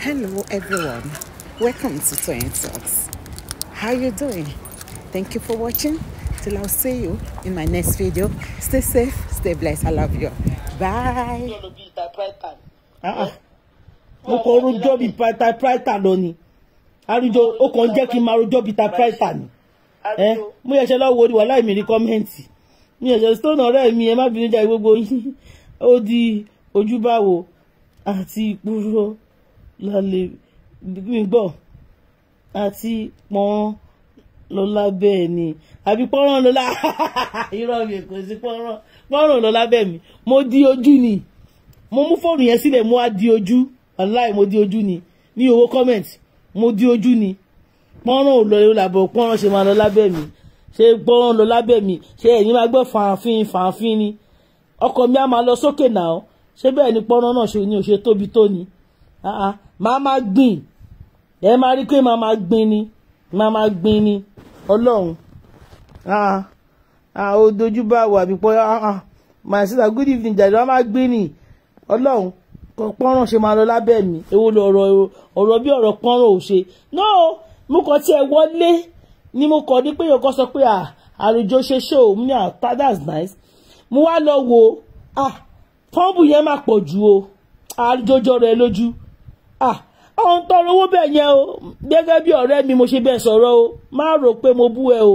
hello everyone welcome to Toyeen Talks how you doing thank you for watching till i'll see you in my next video stay safe stay blessed i love you bye uh-uh. mo kàn rojọ́ bíi typewriter lọ ni àrùjọ ó kàn jẹ́ kí n máa rojọ́ bíi typewriter ni ẹ mo yẹ ṣe lọ́wọ́ orí wàhálà mi ní kọ́mẹ́ǹtì mi yẹ ṣe stone ọ̀rẹ́ mi ẹ má bínú jẹ́ gbogbo yín ó di ojúbáwo àti ìpúrọ́ lálẹ́ gbígbọ́ àti pọ́nrán lọ́lá bẹ́ẹ̀ ni àbí pọ́nrán lọ́lá irọ́ mi kò sí pọ́nrán pọ́nrán lọ́lá bẹ́ẹ̀ mi mo di ojú ni mo mú fóònù yẹn sílẹ̀ mo á di ojú aláì mo di ojú ni ní owó comment mo di ojú ni pọ́nrán ò lọ làbọ̀ pọ́nrán ṣe máa lọ lábẹ́ mi ṣe pọ́nrán lọ lábẹ́ mi ṣe ẹ̀yin máa gbọ́ fàáfin fàáfin ni ọkọ mi á máa lọ sókè náà ṣé bẹ́ẹ̀ ni pọ́nrán náà ṣe ni ò ṣe tóbi tó ni. Ah, ah. màá máa gbìn ẹ máa rí i pé màá máa gbìn ni màá máa gbìn ni ọlọ́run ó ah, dojú bá wà bí my sister good evening jàdí wàá máa gbìn ni ọlọ́run pọ́nrán ṣe máa lọ lábẹ́ mi èwo lọ̀rọ̀ ọ̀rọ̀ bí ọ̀rọ̀ pọ́nrán ò ṣe náà mo kàn tiẹ̀ wọlé ni mo kàn ní pé yòókò sọ pé àròjọ ṣe ṣe òun ní àpá that's nice mo wá lọ wo ah pọ́ǹpù yẹn máa pọ̀ ju o àjọjọ rẹ lójú Ah, ọ̀hún tọrọ owó bẹ́ẹ̀ yẹn o gẹ́gẹ́ bí ọ̀rẹ́ mi mo ṣe bẹ́ẹ̀ sọ̀rọ̀ o má rò pé mo bú ẹ o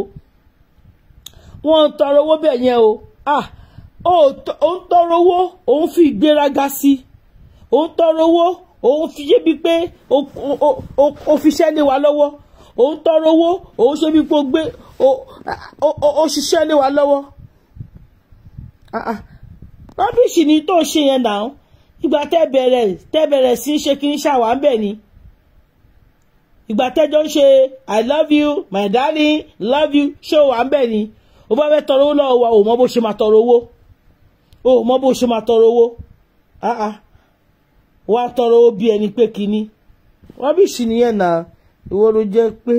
wọ́n ń tọrọ owó bẹ́ẹ̀ yẹn o òun ah, tọrọ owó òun fi ìgbéraga sí òun tọrọ owó òun fi ṣe bíi pé o fi ṣẹ́ lé wa lọ́wọ́ òun tọrọ owó òun ṣe bíi pé o gbé o ṣiṣẹ́ lé wa lọ́wọ́ ah, rọ́bìṣì ni tó ṣe yẹn náà. Igba te bere, te si se kini sawa nbe ni. Igba te don se I love you, my darling, love you, se wa nbe ni. O ba toro lo wa o mo se ma toro owo. O mo bo toro owo. Ah Wa toro obi eni pe kini. Wa bi si niyan na iwo lo je pe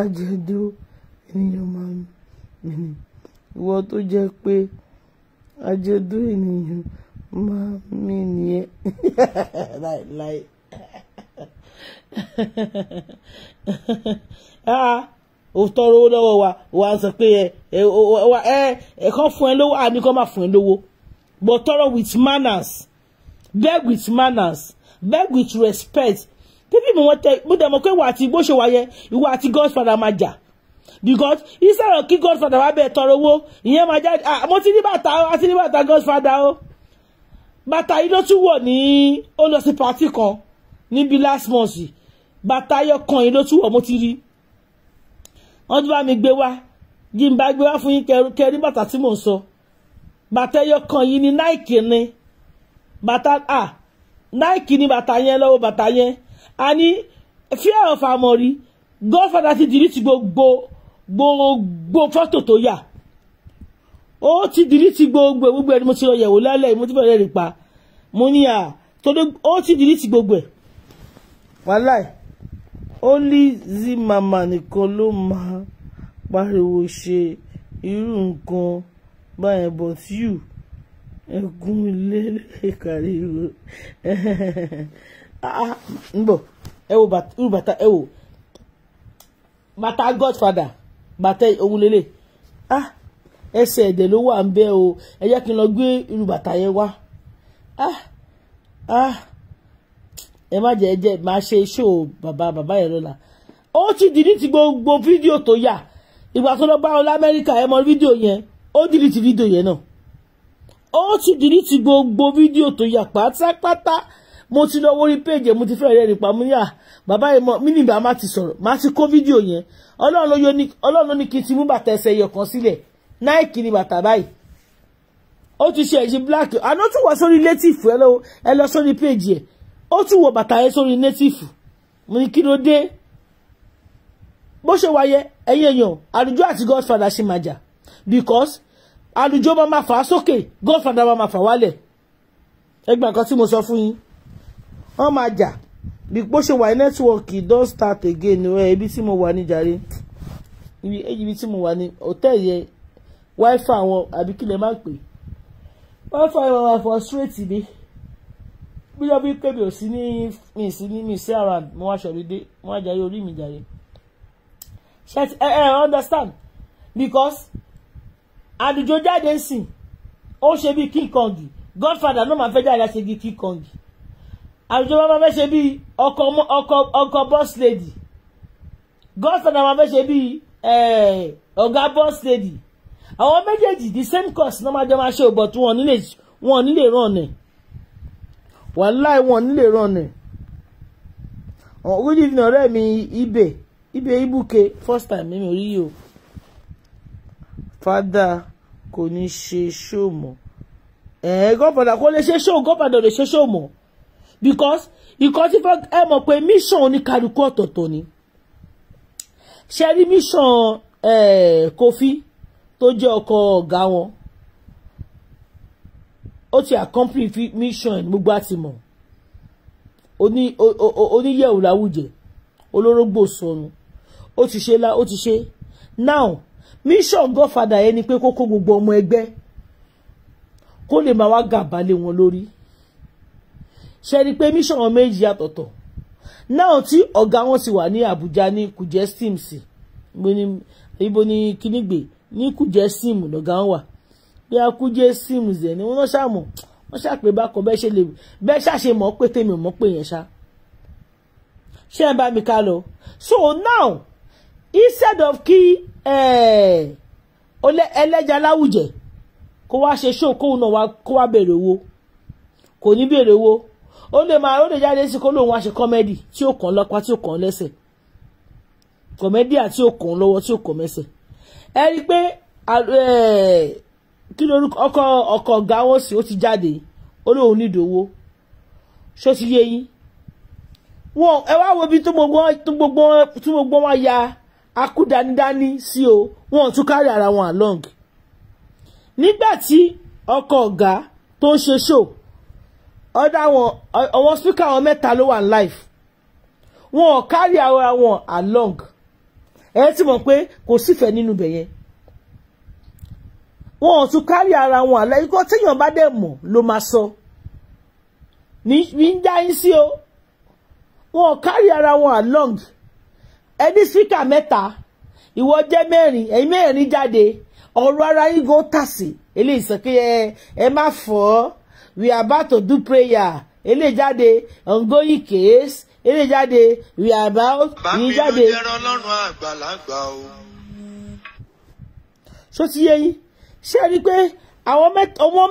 ajedo eniyan ma mi. Iwo to je pe ajedo eniyan. máa mí nìyẹn láìláì o tọrọ owó lọ́wọ́ wa wa sọ pé ẹ ẹ kàn fún ẹ lówó àní kàn má fún ẹ lówó but tọrọ with manners beg with manners beg with respect bíbí mi wọ́n tẹ mo tẹ̀ mọ́ pé ìwà àti gbóṣe wa ìwà àti godfather máa jà because instead of kí godfather wá bẹ̀ tọrọ owó ìyẹn máa jáde ah, mo ti ní bàtà o àti ní bàtà godfather o bàtà yìí ló tún wọ̀ ní ó lọ sí pàtì kan níbi last month bàtà ayọ̀ kan yìí ló tún wọ̀ mo ti rí wọ́n tún bá mi gbé wá jí n bá gbé wá fún yín kẹrí bàtà tí mò ń sọ bàtà ayọ̀ kan yìí ni Nike ni bàtà ah Nike ni bàtà yẹn lọ́wọ́ bàtà yẹn a ní fear of Amori godfather ti dìrìtì gbogbo gbogbo fọ́tò tó yà ó ti dìlítì gbogbo ẹ̀ gbogbo ẹ̀ ni mo ti lọ yẹ̀wò lálẹ́ mo ti bẹ̀rẹ̀ rí pa mo ní à torí ó ti dìlítì gbogbo ẹ̀ wàláì ó ní zi màmá nìkan ló máa pariwo ṣe irú nǹkan báyẹn but you ẹkún ilé ìkàrí ro ń ẹ wo irú bàtà ẹ wo bàtà godfather bàtà òun lélẹ̀ ah ẹsẹ̀ ẹ̀dẹ̀ ló wà ń bẹ́ o ẹ jẹ́ kí n lọ gbé irú bàtà yẹn wá ah ah ẹ má jẹ́ ẹ jẹ́ máa ṣe ṣó bàbá bàbá yẹn lọ́la ó ti dìlítì gbogbo fídíò tó yà ìgbà tó lọ bá wọn lamẹ́ríkà ẹ mọ fídíò yẹn ó dìlítì fídíò yẹn náà ó ti dìlítì gbogbo fídíò tó yà pátápátá mo ti lọ wórí péjì mo ti fẹ́rẹ̀ nípa mo ní à ah, bàbá yẹn mọ mínìbà má ti sọ̀rọ̀ má ti kó fídíò yẹn ọlọ́run ló ní kí n ti mú bàtà ẹsẹ̀ yọ̀kan sílẹ̀ Nike ni bàtà báyìí ó ti ṣe ẹ̀jì black àná tún wá sórí native ẹ lọ ẹ lọ sórí page ẹ ó tún wọ bàtà yẹn sórí native mo ní kí ló dé bó ṣe wáyé ẹ̀yin èèyàn àlùjọ àti godfather ṣì máa jà because àlùjọ máa ma fà á sókè godfather máa ma fà wálẹ̀ ẹgbẹ́ nǹkan tí mo sọ fún yín wọ́n máa jà bí bó ṣe wà ní don start again ẹ ibi tí mo wà ní jàre ibi tí mo wà ní hòtẹ́ẹ̀lì yẹn wifi wọn àbí kí lè má pè wifi wọn wà frustrate mi bí wọ́n bí pé mi ò sí ní mi sí ní mi sí around mo wá ṣọ̀rídé mo wá jayé orí mi jayé ṣe ẹ ẹ understand because àdùjọ jáde sìn ó ṣe bí king kong godfather náà máa fẹ́ jáde láti ṣe king kong àdùjọ máa fẹ́ ṣe bí ọkọ ọkọ ọkọ boss lady godfather máa fẹ́ ṣe bí ọ̀gá boss lady àwọn méjèèjì the same course náà máa jọ máa ṣe òbọ̀ tí wọ́n nílé wọ́n nílé ràn ní wàláì wọ́n nílé ràn ní. good evening ọ̀rẹ́ mi ibè ibè ibuke first time mi ò rí yìí o fada kò ní ṣe ṣó mọ́ ẹ̀ẹ́ eh, gọ́fàdà kò lè ṣe ṣó gọ́fàdà ò lè ṣe ṣó mọ́ because ìkan tí fẹ́ ẹ mọ̀ pé mission oníkàlùkù ọ̀tọ̀ọ̀tọ̀ ni ṣe rí mission eh, Kofi tó jẹ́ ọkọ ọ̀gá wọn ó ti accompany mission gbogbo àtìmọ̀ oníyẹ̀wò láwùjẹ olórógbò sọnù ó ti ṣe lá ó ti ṣe now mission godfather yẹn ni pé kó kó gbogbo ọmọ ẹgbẹ́ kó lè máa wá gàba lé wọn lórí ṣe ni pé mission wọn méjì àtọ̀tọ̀ náà tí ọ̀gá wọn ti wà ní Àbújá ní Kuje Steams ibo ni kínígbè ní kújẹ sim lọ̀gá wọn wà bí a kújẹ sim zẹ̀ ni wọ́n ṣàmọ̀ wọ́n ṣàpè bákan bẹ́ẹ̀ ṣe lè bẹ́ẹ̀ ṣàṣe mọ̀ pé tèmi mọ̀ pé yẹn ṣá ṣé ẹ bá mi ká lọ so now instead of kí ẹlẹ́jà láwùjẹ kó wá ṣe ṣó kóun náà kó wá béèrè owó kò ní béèrè owó ó lè máa ó lè jáde sí kó lóun wá ṣe kọ́mẹ́dì tí ó kàn lọ́pàá tí ó kàn lẹ́sẹ̀ kọ̀mẹ́díà tí ó kàn lọ́wọ́ tí ó kàn mẹ́sẹ̀ ẹ rí i pé kí lorúkọ ọkọ ọkọ ọ̀gá wọn sì ó ti jáde ó lóun nídòwó ṣó ti yé yín wọn ẹ wá wo bí tó gbogbo wọn ya akúdánidání sí o wọn tún kárí ara wọn along nígbà tí ọkọ ọ̀gá tó ń ṣe ṣò ọ̀dà wọn ọwọ́ spíkà wọn mẹ́ta ló wà ní life wọn ò kárí ara wọn along ẹ ti mọ̀ pé kò sífẹ̀ẹ́ nínú ibẹ̀ yẹn wọn ò tún kárí ara wọn àlẹ́ ikọ́ téèyàn bá dẹ̀ mọ̀ ló máa sọ ní ń dá yín sí o wọn ò kárí ara wọn along ẹni síkà mẹ́ta ìwọ jẹ́ mẹ́rin ẹ̀yin mẹ́rin jáde ọ̀rọ̀ ara yín go tàsí eléyìí sọ pé ẹ má fọ́ we are about to do prayer eléyìí jáde ongoing case eré jáde rìàbá yìí jáde. bàbá mi ló jẹ́rọ lọ́rùn àgbàlagbà o. ṣó ti yé yín ṣé ẹ rí i pé àwọn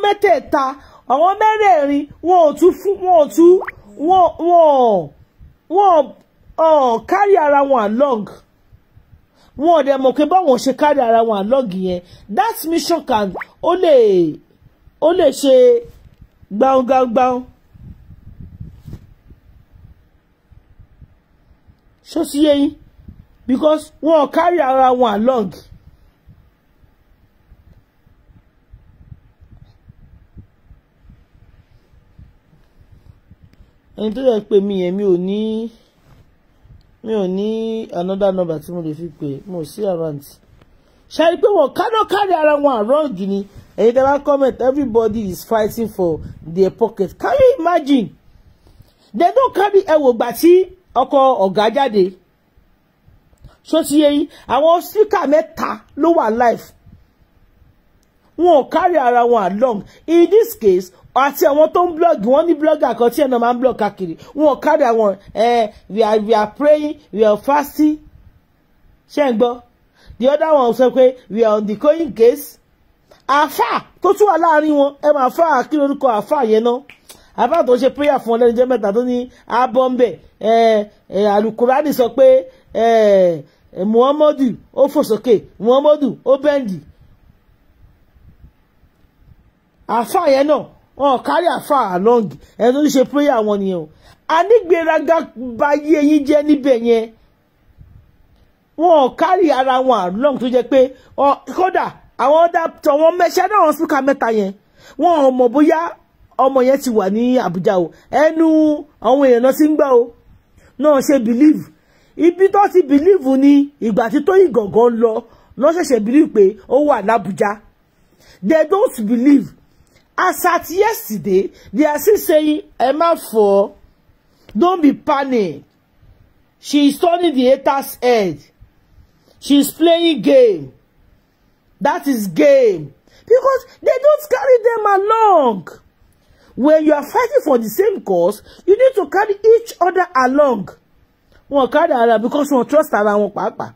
mẹ́tẹ̀ẹ̀ta àwọn mẹ́rẹ̀ẹ̀rin wọn ò tún fún wọn ò tún wọn wọn wọn ọ̀ kárí ara wọn along wọn ò dẹ̀ mọ̀ pé báwọn ṣe kárí ara wọn along yẹn that mission can ó lè ó lè ṣe gbàngbàngbàng So see, yẹyin because wọn carry around one along. and tó yẹ pé mi yẹn mi ò ní mi ò ní another number tí mo lè fi pè mo sí around ṣáà pé wọn cannot carry around one wrong ni and tẹ́ bá comment everybody is fighting for their pocket can you imagine they don't carry ẹ̀wò gbà tí ọkọ ọ̀gá jáde so ti yé yín àwọn síkà mẹ́ta ló wà life wọn ò kárí ara wọn along in this case àti àwọn tó ń blog wọn ní blogger kan tí ẹnà máa ń blog káàkiri wọn ò kárí àwọn ẹ we are we are praying we are fasting ṣé ń gbọ́ the other one sọ pé we are on the going case àáfà tó tún wà láàrin wọn ẹ máa fà á kí lórúkọ àáfà yẹn náà àbá tó ṣe prayer fún ọlẹ́ni jẹ́ mẹ́ta tó ní abọ́ńbẹ̀ alukurani sọ pé muhammadu ó fò sókè muhammadu ó bẹ́ǹdì àfáà yẹn náà wọn kárí àfáà along ẹni tó ń ṣe prayer wọn nìyẹn o anígbéraga bà yé yín jẹ́ níbẹ̀ yẹn wọn kárí ara wọn long, tó jẹ́ pé kódà àwọn ọ̀dà tọ̀wọ́n mẹ́ṣẹ́ náà wọn súnkà mẹ́ta yẹn wọn ò mọ̀ bóyá ọmọ yẹn ti wà ní Àbújá o ẹnu àwọn èèyàn náà ti ń gbà o náà ṣe believe ibi tó ti believe ni ìgbà tí Tóyìn Gàngán lọ náà ṣẹ̀ṣẹ̀ believe pé ó wà l'Àbújá they don't believe as at yesterday they are still saying ẹ má fọ don't be panic she is turning the haters head she is playing game that is game because they don't carry them along when you are fighting for the same cause you need to carry each other along wọn carry ara because wọn trust ara wọn pàápàá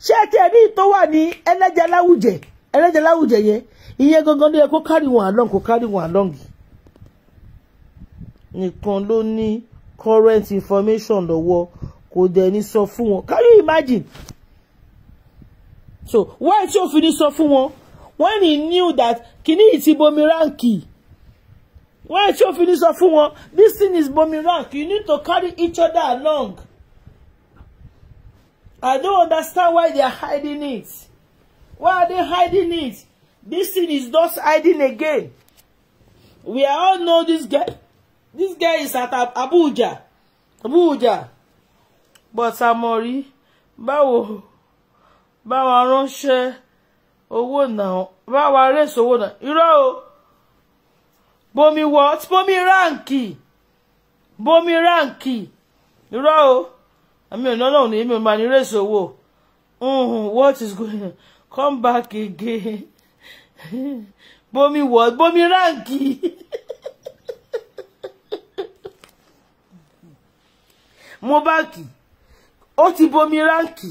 ṣé ẹ tiẹ̀ ní tó wà ní ẹlẹ́jà láwùjẹ ẹlẹ́jà láwùjẹ yẹn ìyẹn gangan ló yẹ kó carry wọn along kó carry wọn along nìkan ló ní current information lọ́wọ́ kò dẹ̀ ní sọ fún wọn can you imagine so why tí o fi ní sọ fún wọn when he knew that kini iti bomiranki. boomerang kì when sofini sọ fún wọn this thing is bomiranki. you need to carry each other along I don't understand why they are hiding it why are they hiding it this thing is just hiding again we all know this guy this guy is at Abuja Abuja but Amori báwo báwo ránṣẹ́. owó náà bá wa rèsò owó náà irọ́ o bomi wọ bomi ráǹkì bomi ráǹkì irọ́ o àmì ọ̀nà náà ní èmi máa ní rèsò owó what is going on come back again bomi wọ bomi ráǹkì. Mohbad ó ti bomi ráǹkì.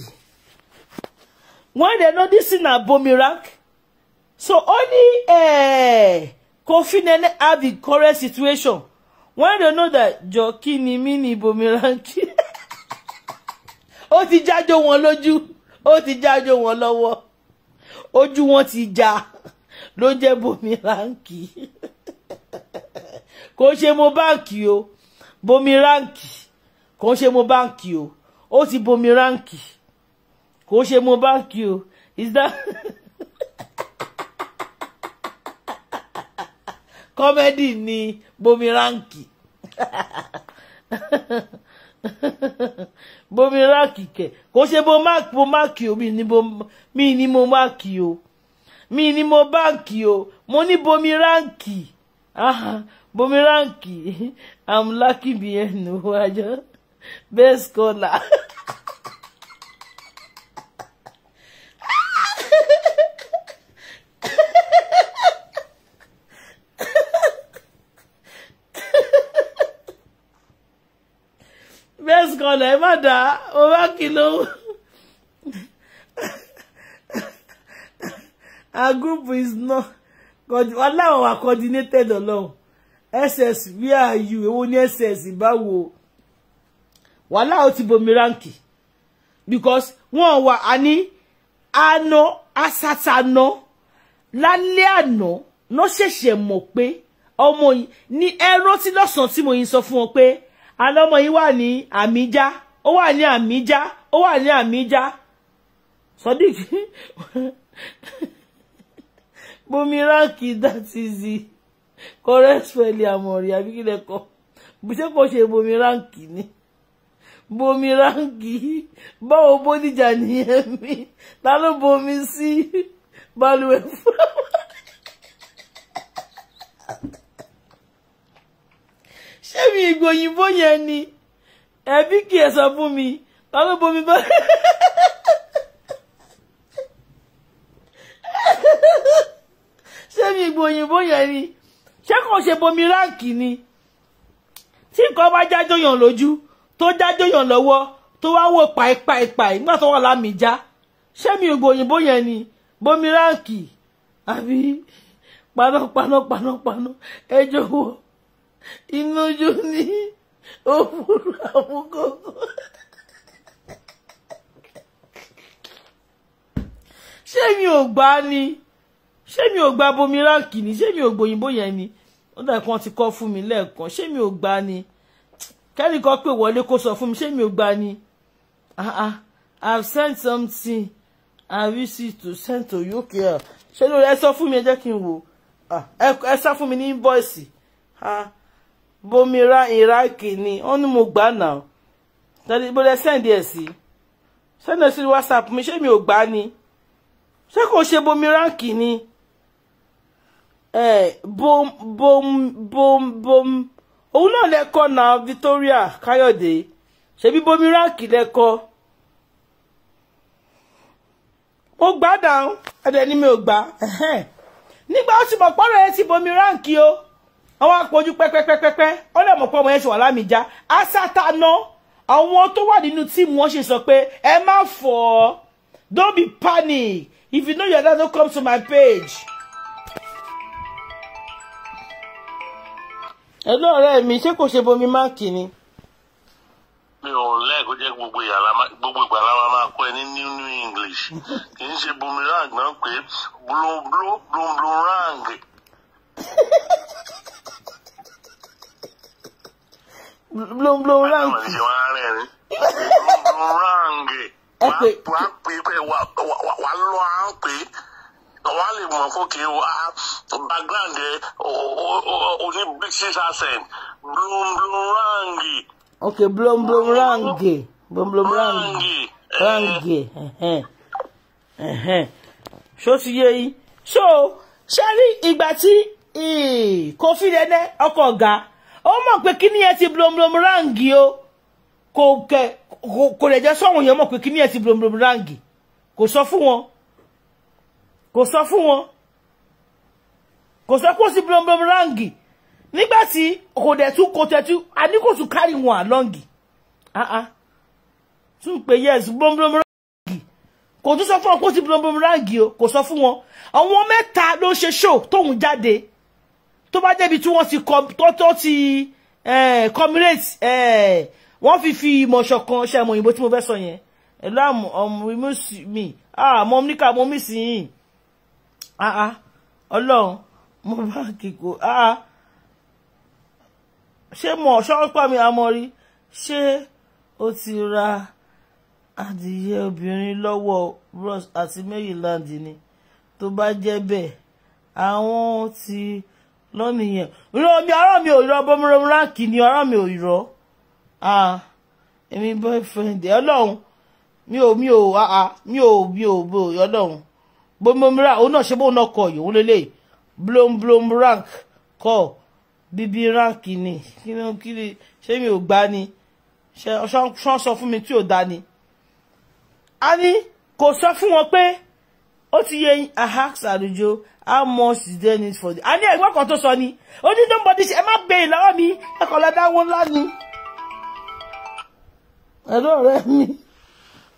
when dem know dis thing na boomerang so only uh, eh, kofi have di correct situation when dem know that jokini mini bomirang ó ti jájó wọn lójú ó ti jájó wọn lọ́wọ́ ojú wọn ti já ló jẹ́ bomiranki kò ṣe mo báǹkì o bomiranki kò ṣe mo báǹkì o ó ti bomiranki. kò ṣe Mohbad kí o is that comedy ni bomiranki bomiranki kẹ kò ṣe bomáàkì o mi ni mo máàkì o mi ni mo báàkì o mo ní bomiranki bomiranki i'm lucky bien no ajo best scholar. ọ̀nà ẹ má dá mo bá kìlọ̀ our group is not aláwọ̀ wa coordinated ọlọ́run ss where are you èwo ní ss báwo wàhálà ó ti bomi ránkì because wọ́n wà á ní àná asátánà lálẹ́ àná ló ṣẹ̀ṣẹ̀ mọ̀ pé ọmọ yìí ní ẹran tí lọ́sàn-án tí mo yìí sọ fún wọn pé alọ́mọ yìí wà ní àmìjá ó wà ní àmìjá ó wà ní àmìjá sodiq bumiraki that is the correct spelling amọ̀rì àbí kí lẹ kọ bí ṣé kò ṣe ni bumiraki báwo bódìjà nìyẹn mi ta ló bomi sí baluwe fúláwà. ṣé mi ìgò òyìnbó yẹn ni ẹbí kì í sọ fún mi ta ló bomi bá. ṣé mi ìgò òyìnbó yẹn ni ṣé kò ṣe bomi ráǹkì ni tí nǹkan bá jájọ yàn lójú tó jájọ yàn lọ́wọ́ tó wá wò pàìpàìpàì nígbà tó wà lámì já ṣé mi ìgò òyìnbó yẹn ni bomi ráǹkì àbí panápanápanápaná ẹ jọ̀wọ́ iná jó ní òwúrọ̀ àmúkókó. ṣé mi ò gbá ni ṣé mi ò gbá bomi ránkì ni ṣé mi ò gbòyìnbó yẹn ni ó dà kan ti kọ́ fún mi lẹ́ẹ̀kan ṣé mi ò gbá ni kẹ́nìkan pè wọlé kó sọ fún mi ṣé mi ò gbá ni ah ah I've sent something I wish to send to you care ah. ṣé lórí ẹ sọ fún mi ẹ jẹ́ kí n wò ah, ẹ sọ fún mi ní invoice. Ah. bomira iraki ni ó mo gbà náà tẹ̀lé bó lẹ send ẹ̀ whatsapp mi ṣe mi ò ni ṣe bomira kì ni bom bom bom bom òun náà lẹ́kọ́ náà Victoria Káyọ̀dé ṣebí bomira kì lẹ́kọ́ mo gbà dáhùn ẹ̀dẹ̀ ni mi ò gbà ti ti bomira o. àwọn apojú pẹ́pẹ́pẹ́pẹ́ ó lè mọ̀ pé ọmọ yẹn ṣe wà lámìjá asátá ná àwọn tó wà nínú tíìmù wọn ṣe sọ pé ẹ má fọ́ don't be panic if you know your dad no come to my page. ẹ̀dọ́ ọ̀rẹ́ mi ṣé kò ṣe bomi máàkì ni. mi ò lẹ́ẹ̀kọ́ jẹ́ gbogbo ìgbà la máa kọ́ ẹ ní new new english kì í ṣe bomi rang náà pé blom blom blom blom rang. blom blom rank. ẹ pé wàá pè pé wàá lọ à ń pè wà á lè mọ̀ fókè wá background ẹ oní british accent blom blom rangi. ok blom blom rangi blom blom rangi rangi ṣó ti yé yín so ṣe rí ìgbà tí Kofi Dede ọkọ̀ ọ̀gá ó mọ̀ pé kíní ẹ ti blomblom ráǹgì o kò kẹ kò lè jẹ́ sọ́wọ́n yẹn mọ̀ pé kíní ẹ ti blomblom ráǹgì kò sọ fún wọn kò sọ fún wọn kò sọ pé ó sì blomblom ráǹgì nígbà tí kò dẹ̀ tún kò tẹ̀ tún a ní kò tún kárì wọn àlọ́ǹgì ah, ah. tún pé yes blomblom ráǹgì kò tún sọ fún wọn pé blomblom ráǹgì o kò sọ fún wọn àwọn mẹ́ta ló ṣe ṣó tóun jáde tó bá débi tí wọ́n ti tọ́tọ́ ti comrade wọ́n fi fi ìmọ̀ ṣọ̀kan ṣe àmọ̀ òyìnbó tí mo fẹ́ sọ yẹn ẹ̀lú àmọ̀ ọmọ mi àmọ́ níkà mo mí sí yìí ọlọ́run mo bá kíkó ah, ah. ṣé mọ̀ ṣọ́pọ̀ mi àmọ́rí ṣé o ti ra adìyẹ obìnrin lọ́wọ́ Ross àti Maryland ni tó bá jẹ́ bẹ́ẹ̀ àwọn ti. Ah, rán mi yẹn rán mi ọ̀rọ̀ mi ò rọ bọ́múrọ́mú ránkì ni ọ̀rọ̀ mi ò rọ èmi boyfriend ọlọ́run mi ò mi ò mi ò mi ò bo ọlọ́run bọ́múrọ́mú ránkì òun náà ṣe bóun náà kọ yìí òun lélẹ̀ blom blom rank kọ bíbí ránkì ni kí ni kí ni ṣé mi ò gbá ni ṣe ṣan sọ fún mi tí ò dá ni a ní kò sọ fún wọn pé ó ti yẹ ahax àlùjọ how much is there need for the. a ní ẹ̀gbọ́n kan tó sọ ni ó oh, ní nobody ṣe ẹ má gbé ìlọ́wọ́ mi ẹ kàn lọ dáwọ́ ńlá ni. ẹ̀rọ ọ̀rẹ́ mi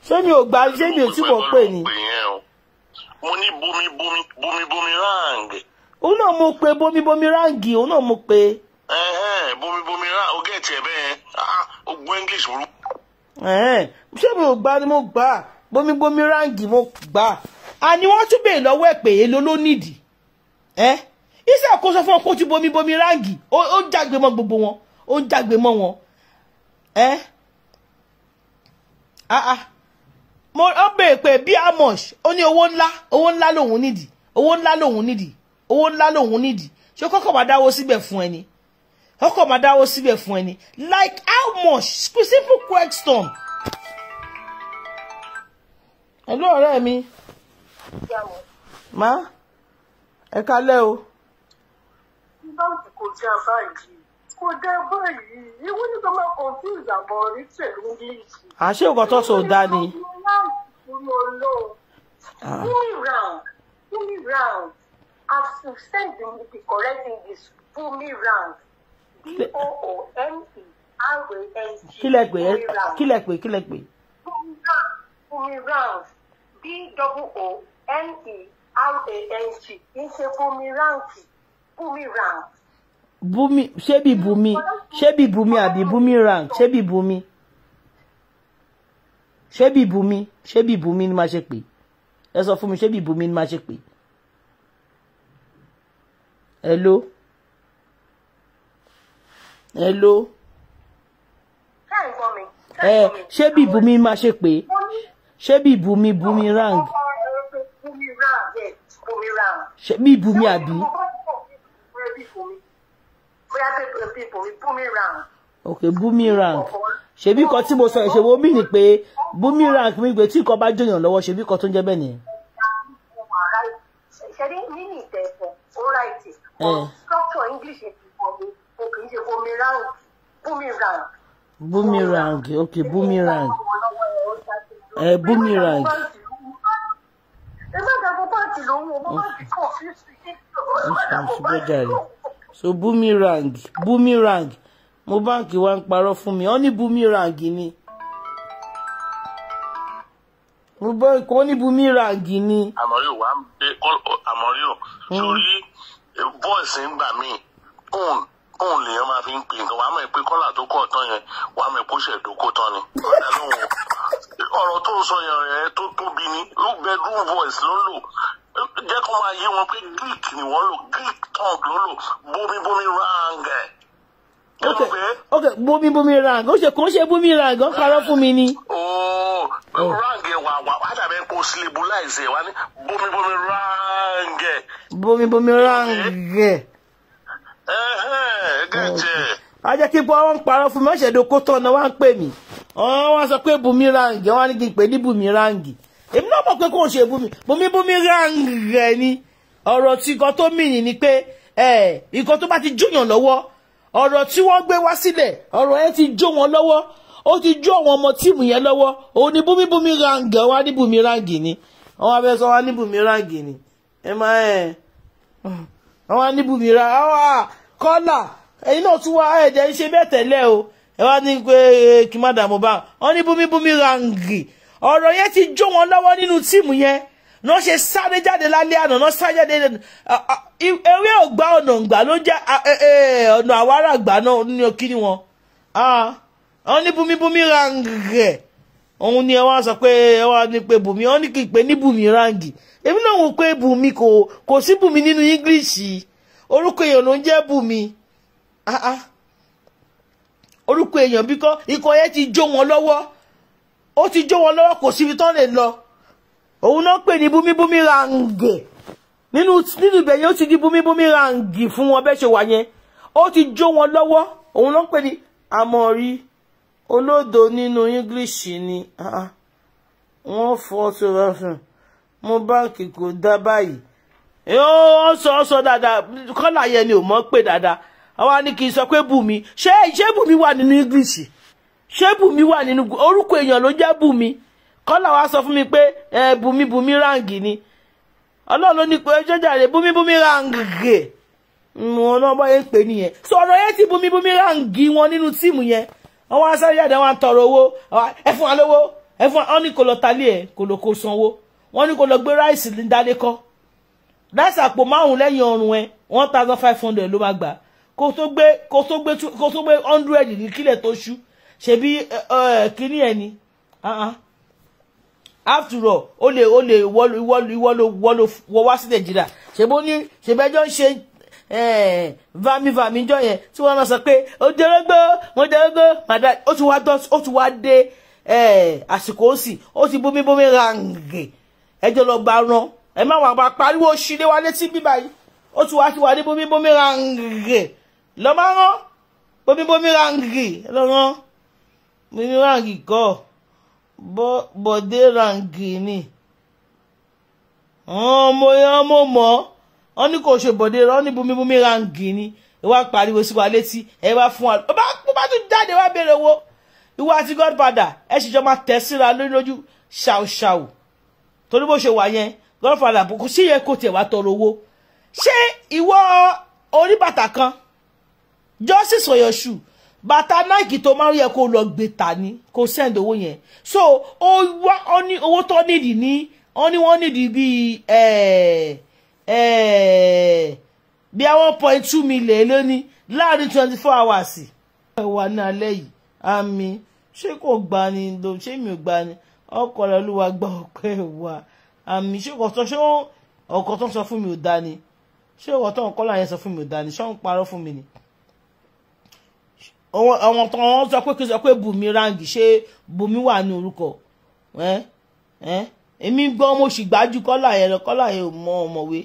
ṣé mi ò gbà ṣé mi ò tí wọ́n pè ní. mo ní bomi bomi bomi bomi ráǹgì. òun náà mo pe bomi bomi ráǹgì òun náà mo pe. bomi bomi ráǹgì ogé tiẹ̀ bẹ́ẹ̀ ah, ogun english wúru. ṣé mi ò gbà ni mo gbà bomi bomi ráǹgì mo gbà. àní wọ́n tún bèè lọ́wọ́ ẹ̀ pé èlò ló nídìí ẹ́ iṣẹ́ kó sọ fún ọ kó ti bomi bomi ráǹgì ó ń jágbe mọ́ gbogbo wọn ó ń jágbe mọ́ wọn ẹ́ àà mo ọ bèè pé bí amosh ó ní owó ńlá owó ńlá lòun nídìí owó ńlá lòun nídìí owó ńlá lòun nídìí ṣé kọ́kọ́ máa dáwó síbẹ̀ fún ẹni kọ́kọ́ máa dáwó síbẹ̀ fún ẹni like how much simple question. hello ọ̀rẹ́ mi. ma ẹ kálẹ́ o. báńkì kò já báyìí kò dá báyìí ìwé nígbà máa confuse àbọ̀ orí pẹ̀lú english. àṣé nǹkan tó so dá ni. Ah. fún round fún round as you send the, the correct english fún round d-o-o-m-e r-a-n-g kí lẹ pè kí lẹ round b-o-o-m-e ranc kì í ṣe bumiranki bumirang. bumi ṣé bí bumi ṣé bí bumi àbí bumirang ṣé bí bumi ṣé bí bumi ṣé bí bumi ni máa ṣe pè ẹ sọ fún mi ṣé bí bumi ni máa ṣe pè. hello hello. ṣé bí bumi máa ṣe pè ṣé bí bumi bumirang mi ra wọn. ṣe mi bù mí àbí. bóyá pípò mi bù mí ra wọn. ok boomerang ṣebí kan tí mo sọ ìṣèwò mi ni pé boomerang mi gbé tí nǹkan bá jòyàn lọ́wọ́ ṣebí kan tó ń jẹ́ bẹ́ẹ̀ ni. ṣẹ́rí nínú ìtẹ̀fọ̀ english boomerang boomerang. boomerang boomerang ẹ boomerang so boomerang boomerang mo báǹkì wa ń parọ́ fún mi ó ní boomerang ni mo báǹkì ó ní boomerang ni. àmọ́ríò wa ń bẹ àmọ́ríò hmm. sórí voice ń gbà mí phone òun lèèyàn máa fi ń pè nǹkan wàá mọ̀ pé kọ́là tó kọ̀ tán yẹn wàá mọ̀ pé ó ṣẹ̀dókó tán ni ọ̀rọ̀ tó ń sọ yẹn rẹ̀ tó tóbi ni ló bedroom voice ló ń lò jẹ́ kó máa yé wọn pé greek ni wọ́n lò greek tongue ló lò bomibomi rang ok ok bomibomi rang ó ṣe kó ṣe bomi rang ó parọ́ fún mi ni. ooo oh, rang ẹ wà wà wàá dàbẹ́ kó syllableize ẹ wá ní bomibomi rang bomibomi rang Oh. ajẹ́ kí bọ́ wọn ń parọ́ fún mi wọ́n kó tán wá ń pè mí wọ́n sọ pé bùnmi ráǹgì wọ́n ní kí n pè ní bùnmi ráǹgì èmi náà mọ̀ pé kò ṣe ni ọ̀rọ̀ tí nǹkan tó mìyìn ni pé nǹkan tó bá ti jóyàn lọ́wọ́ ọ̀rọ̀ tí wọ́n gbé wá sílẹ̀ ọ̀rọ̀ yẹn ti jó wọn lọ́wọ́ ó ti jó àwọn ọmọ tíìmù yẹn lọ́wọ́ ni ráǹgì wọ́n á ní ni wọ́n á sọ wọ́n á ní ni ẹ máa wọ́n á ní ráǹgì kọ́là ẹ̀yin náà tún wá ẹ̀jẹ̀ ń ṣe bẹ́ẹ̀ tẹ́lẹ̀ o ẹ wá ní pé eh, kí má dààmú bá wọn ní búmíbúmí rangì ọ̀rọ̀ yẹn ti jó wọn lọ́wọ́ nínú tíìmù yẹn náà ṣe sáré jáde lálẹ́ àná náà sáré jáde eré ògbà ọ̀nà ìgbà ló jẹ́ e, e, ọ̀nà àwárà àgbà náà ní kíni wọn wọn ní búmíbúmí rangì òun ni ẹ wá sọ pé ẹ wá ní pé bùnmi wọn ní kí n pè ní bùnmi rangì èmi náà wò pé bùnmi kò sí bùnmi nínú English yìí orúkọ èèyàn ló ń jẹ́ bùnmi ah, ah. orúkọ èèyàn bí kọ́ ikọ̀ yẹn ti jó wọn lọ́wọ́ ó ti jó wọn lọ́wọ́ kò síbi tán lè lọ òun náà pè ní búmíbúmí rangè nínú nínú ibẹ̀ yẹn ó ti di búmíbúmí rangì fún wọn bẹ́ẹ̀ ṣe wà yẹn ó ti jó wọn lọ́wọ́ òun náà pè ní àmọ̀rí olódo nínú English ni ah, wọ́n fọ́ sọ́rọ́ fún mo báǹkì kò dá báyìí ó sọ ọsọ sọ kọla kọ́là ni ò mọ pé dada àwa ni kì í sọ pé mi ṣé ṣé wà nínú english ṣé bùnmi wà nínú orúkọ èèyàn ló wa sọ fún mi pé ẹ eh, bùnmi ni ọlọ́run ló ní pé jọjàre bùnmi bùnmi ráǹgì wọn náà yẹn pè nìyẹn yẹn yẹn tọrọ owó ẹ fún wa lówó ọ ní kò lọ talé ẹ kò lọ kó wọn lọ gbé ráìsì láìsí àpò márùn lẹ́yìn ọrùn ẹ one thousand five hundred ló máa gbà kó tó gbé kó tó gbé kó tó gbé hundred ní kílẹ̀ tó ṣú ṣebí kíní ẹ ni after all ó lè ó lè ìwọ ló wọ wá sí nàìjíríà ṣebí ó ní ṣebí ẹjọ́ ń ṣe vamivami jọ yẹn tí wọ́n náà sọ pé ó dẹrẹgbẹ mo dẹrẹgbẹ màdá ó ti wá dọ ó ti wá dé àsìkò ó sì ó ti bómi bómi ràǹgì ẹjọ́ lọ gbà rán ẹ má wàá pariwo ṣílé wa létí bíbá yìí ó ti wá sí wa ní bomibomi rangè lọ́mọ rán bomibomi rangè lọ́rán bomi rangè kọ́ bọ́dé rangè ni ọmọ yẹn mo, mọ́ wọn ní kò ṣe bọ́dé rán ní bomibomi rangè ni ẹ wá pariwo sí wa létí ẹ wá fún wa ó bá tún jáde wá béèrè owó ìwọ àti godfather ẹ sì jọ máa tẹ̀ síra lórí lójú ṣàùṣàù torí bó ṣe wà yẹn godfather kò sí yẹ kó tiẹ̀ wá tọrọ owó ṣé ìwọ orí bàtà kan justice for your shoe bàtà nike tó máa ń yẹ kó lọ gbé ta ni kó send owó yẹn so ó ní owó tó nídìí ní ó ní wọ́n nídìí bíi eh, eh, bíi one point two million lónìí láàrin twenty four hours. ẹ wà ní alẹ́ yìí àmì ṣé kò gbani ṣé mi ò gbani ọkọ̀ ọ̀lọ́lúwa gba ọ̀pẹ́ wa àmì um, ṣé ọ̀tọ̀ ṣé ọkọ̀ tó ń sọ fún mi ò da ni ṣé ọkọ̀ tó ń kọ́lá yẹn sọ fún mi ò da ni ṣé ó ń parọ́ fún mi ni. àwọn tó ń sọ pé kí n sọ pé Bùnmi Ranji ṣé Bùnmi wà ní orúkọ èmi gbọ́ mo sì gbájú kọ́lá yẹn lọ kọ́lá yẹn ò mọ ọmọwé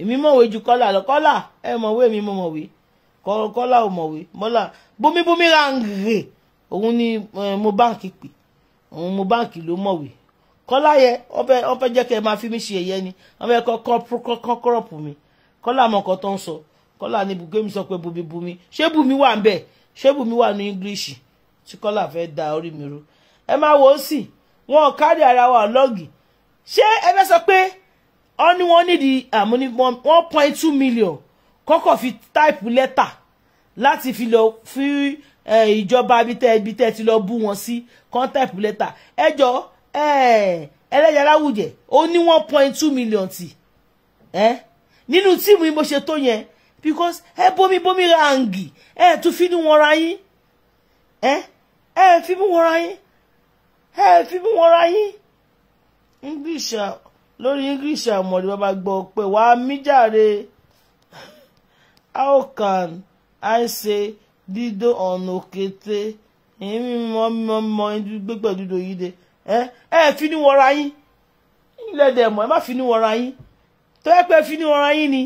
èmi mọ̀wé ju kọ́lá lọ kọ́lá ẹ mọ̀wé èmi mọ̀ mọ̀wé kọ́lá ò mọ̀wé mọ́là Bùnmi Bùnmi Ranji òun ni mo báǹkì pè òun mo báǹkì ló mọ̀wé kọ́lá yẹ ọbẹ̀ ọbẹ̀ jẹ́ kẹ́ ẹ máa fi mí ṣe ẹ̀yẹ ni ọbẹ̀ kọ́ kọ́rọ̀pù mi kọ́lá mọ̀ nǹkan tó ń sọ kọ́lá ni bùkẹ́mi sọ pé bùbí bùmí ṣé bùmí wà ń bẹ̀ ṣé bùmí wà ní english tí kọ́lá fẹ́ da orí mi rú ẹ máa wò ó sì wọn ò kárí ara wa ọlọ́gì ṣé ẹ fẹ́ sọ pé ọ ní wọ́n nídìí àmúni one point two million kọ́kọ́ fi táìpù lẹ́tà láti fi lọ fi eh, ìjọba ibi tẹ́ ti lọ bú wọn sí kọ́ńtàìpù lẹ́tà ẹ jọ̀ọ́ Eh, ẹlẹ́yàrá wùjẹ́ ó ní one point two million tì eh, nínú tíìmù yìí mo ṣe tó yẹn because ẹ bomi bomi ra àǹgì ẹ tún fi eh, mú wọn ra yín ẹ ẹ fi mú wọn yín ẹ fi mú wọn yín english lórí english àmọ̀dé bàbá gbọ́ pé wà á mí jàre how can i say dídó ọ̀nà òkété èmi mọ́ mọ́ mọ́ gbẹ́gbẹ́ dúdú yìí dé ẹ eh? ẹ eh, fi ní wọra yín ilẹ̀ dẹ̀ mọ̀ ẹ má fi ní wọra yín tó yẹ pé fi ní wọra yín ni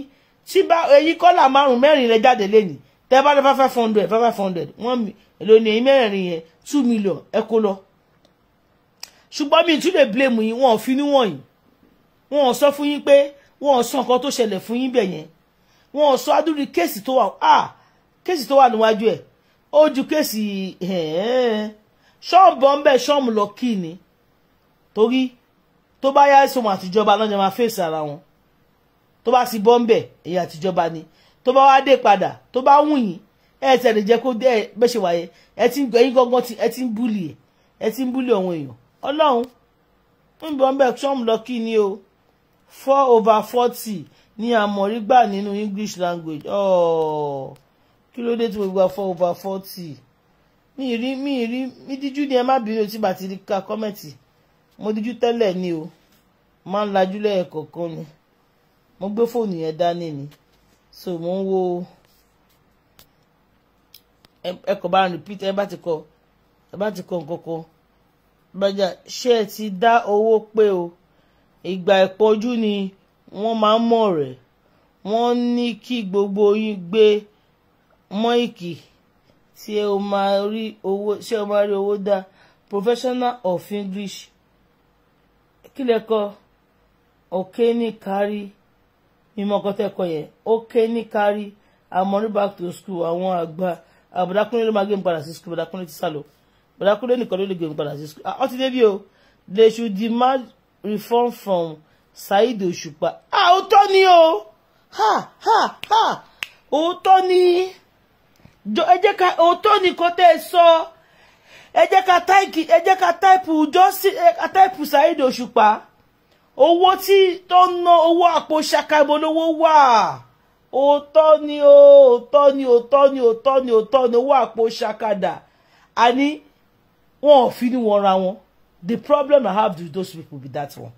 tí bá ẹ̀yin kọ́là márùn mẹ́rin rẹ jáde lẹ́nìí tẹ́ bá lọ fá five hundred fá five hundred wọ́n mi èlò ní ẹ̀yin mẹ́rin yẹn two million ẹ kó lọ ṣùgbọ́n mi tún lè blame yín wọn ò fi ní wọ̀nyí wọn ò sọ fún yín pé wọn ò sọ nǹkan tó ṣẹlẹ̀ fún yín bẹ̀ yẹn wọn ò sọ adúrí kéèsì tó wà á kéèsì tó wà níwájú ẹ̀ ó ju kéèsì ṣọ́ọ̀bù ọ̀nbẹ ṣọ́ọ̀mù lọ kí ni torí tó bá yá ẹ̀sùn àtijọba lọ́jọ́ máa fèsì ara wọn tó bá sì bọ́ ń bẹ̀ èyí àtijọba ni tó bá wá dé padà tó bá wù yín ẹ ẹ tẹ̀lé jẹ́ kó dé ẹ bẹ́ ṣe wáyé ẹ ti ń gbọ́ yín gángan ti ẹ ti ń búlì ẹ ẹ ti ń búlì àwọn èèyàn ọlọ́run ń bọ̀ ń bẹ̀ trump lọ kí ni o four over forty ni àmọ̀rí gbà nínú english language kí ló dé tí mo gba four over forty mi ì rí mi ì rí mi díjú ni ẹ má bínú tí bàtí ká kọ́mẹ̀tì mo díjú tẹ́lẹ̀ ni o máa ń lajú lẹ́ẹ̀kọ̀ọ̀kan ni mo gbé fóònù yẹn dání ni so mo ń wo ẹ kò bá ń repeat ẹ bá ti kọ ẹ bá ti kọ nǹkan kan bàjá ṣé ẹ ti dá owó pé o ìgbà ìpọ́jú ni wọ́n máa ń mọ̀ rẹ̀ wọ́n ní kí gbogbo yín gbé mọ́ìkì tí ẹ máa rí owó dá professional of English kí lẹ kọ òkè ní kárí mímọ kọtẹ kọ yẹn òkè ní kárí àmọ́ ní back to school àwọn àgbà àbúdákúnlé ló máa gbé mi padà sí school àbúdákúnlé ti sá lọ àbúdákúnlé nìkan ló lè gbé mi padà sí school ọtí ah, débi o they should demand reform from Saheed Òṣùpá àwòtọ́ ah, ni o ha ha ha òótọ́ ni ẹ jẹ́ ká òótọ́ ni kò tẹ́ ẹ sọ. So ẹ jẹ́ ká táìkì ẹ jẹ́ ká táìpù jọ́sí ẹ ká táìpù Saheed Òṣùpá owó tí tó ń ná owó àpò ṣaka ìmọ̀lówó wà òótọ́ ni òótọ́ ni òótọ́ ni òótọ́ ni òótọ́ ni owó àpò ṣakadà àní wọn ò fi ní wọn ra wọn the problem I have with those people be that one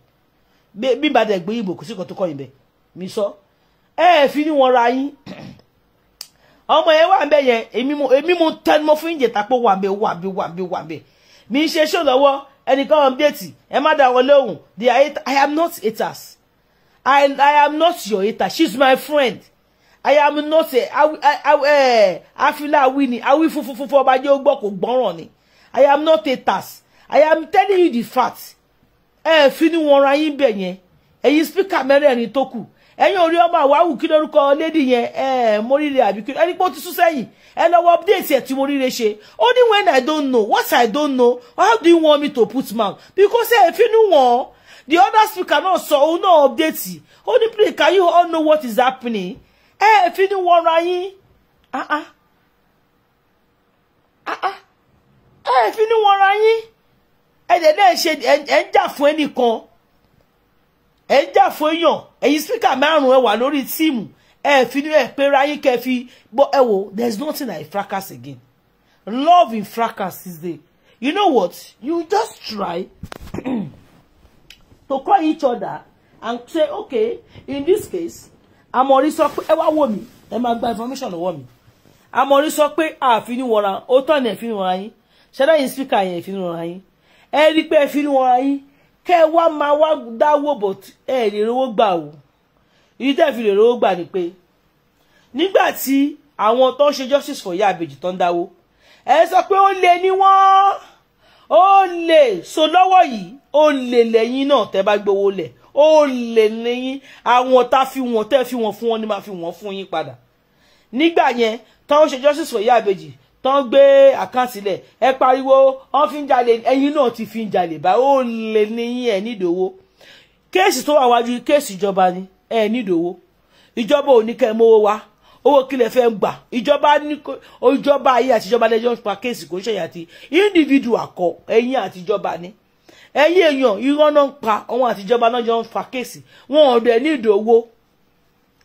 bí bá dẹ̀ gbé ìbò kò sí kan tó kọ́ yín bẹ́ẹ̀ mi sọ ẹ ẹ̀ fi ní wọn ra yín ọmọ yẹn wà nbẹ yẹn èmi mo èmi mo tẹnu mo fún ìjẹta pé wà nbẹ wà nbẹ wà nbẹ wà nbẹ mi ṣe ṣó lọ́wọ́ ẹnìkan wọn déètì ẹ má dá wọn lóhùn they i am not haters i i am not your hater she is my friend i am not a eh, afila awi ni awi funfun funfun ọba jẹ́ ogbọ́ kò gbọ́ràn ni i am not haters i am telling you the fact ẹ fi ni wọn ra yín bẹ̀ yẹn ẹ̀yin speaker mẹ́rẹ̀ẹ̀rin tó kù ẹ̀yin orí ọmọ àwáwù kí lórúkọ lédi yẹn ẹ mórire àbí kí ẹni pé ó ti sún sẹ́yìn ẹ lọ́wọ́ update ẹ̀ tí mórire ṣe ó ní when i don't know what i don't know how do you want me to put mouth because ẹ fi nú wọn the other speaker náà sọ òun náà update ó ní please can you all know what is happening ẹ fi nú wọn ra yín ah, ah. Ah, ẹ fi nú wọn ra yín ẹ dẹ̀ náà ṣe ẹ ń jà fún ẹnìkan ẹ ń jà fún èèyàn ẹ̀yin spíkà márùn-ún ẹ wà lórí tíìmù ẹ fi ní ẹ pé ráyé kẹ fi bọ ẹ wò there is nothing like fracas again love in fracas is there you know what you just try to call each other and say okay in this case Amori sọ pé ẹ wá wò mí ẹ máa gba information lọ́wọ́ mi Amori sọ pé àfinúwọra ó tọ̀nà ẹ̀fínúwọra yín ṣẹlẹ̀ yín spíkà yẹn ẹ̀fínúwọra yín ẹ rí i pé ẹ̀fínúwọra yín kẹ́ ẹ wá máa wá dáwó bò ẹ lè rówó gbà o ìdí tẹ́ fi lè rówó gbà ni pé nígbà tí àwọn tó ń ṣe justice for Ìyá Ìbejì tó ń dáwó ẹ sọ pé ó lè ní wọ́n ó lè so lọ́wọ́ yìí ó lè lẹ́yìn náà tẹ́ bá gbowó lẹ̀ ó lè lẹ́yìn àwọn tá fi wọ́n tẹ́ fi wọ́n fún wọn ni máa fi wọ́n fún yín padà nígbà yẹn táwọn ṣe justice for Ìyá Ìbejì tó ń gbé àkáǹtì lẹ̀ ẹ pariwo wọ́n fi ń jalè ẹ̀yin náà ti fi ń jalè báyìí ó lè níyìn ẹ̀ nídòwó kéèsì tó wà wájú kéèsì ìjọba ni ẹ̀ nídòwó ìjọba ò ní kẹ́ ẹ mówó wá owó kílẹ̀ fẹ́ gbà ìjọba ní ìjọba ayé àti ìjọba lẹ́jọ́ pa kéèsì kò ń ṣẹ̀yà ti individual kọ ẹ̀yin àti ìjọba ni ẹ̀yin èèyàn irọ́ náà ń pa àwọn àti ìjọba náà jọ ń fa kéèsì wọn ò dẹ̀ ní ìdòwó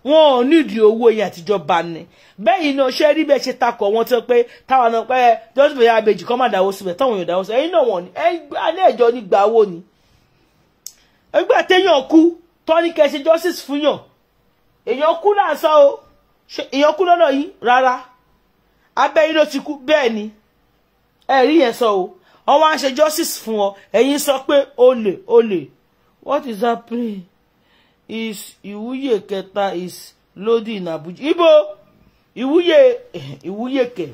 wọn ò nídìí owó yẹn àtijọba ni bẹ́ẹ̀ iná ṣe rí bẹ́ẹ̀ ṣe takọ̀ wọn tó pé táwọn náà pẹ́ jọ́sìn bẹ́ẹ̀ abèjì kọ́ má dáwọ́ síbẹ̀ táwọn èèyàn dáwọ́ síbẹ̀ ẹ̀yin náà wọ̀n ni alẹ́ ẹ̀jọ́ ní gbà owó ni. ẹgbẹ́ àtẹ̀yàn kú tọ́ni kẹsì justice fún yàn èèyàn kú náà sọ o èèyàn kú lọ́nà yìí rárá abẹ́ yìí ló ti kú bẹ́ẹ̀ ni ẹ̀rí yẹn sọ o ọwọ́ à ń ṣe justice fún ọ ẹ̀yin sọ pé olè olè what is happening? is ìwúyè kẹta is lodi in Abuja ibo ìwúyè ìwúyè kẹ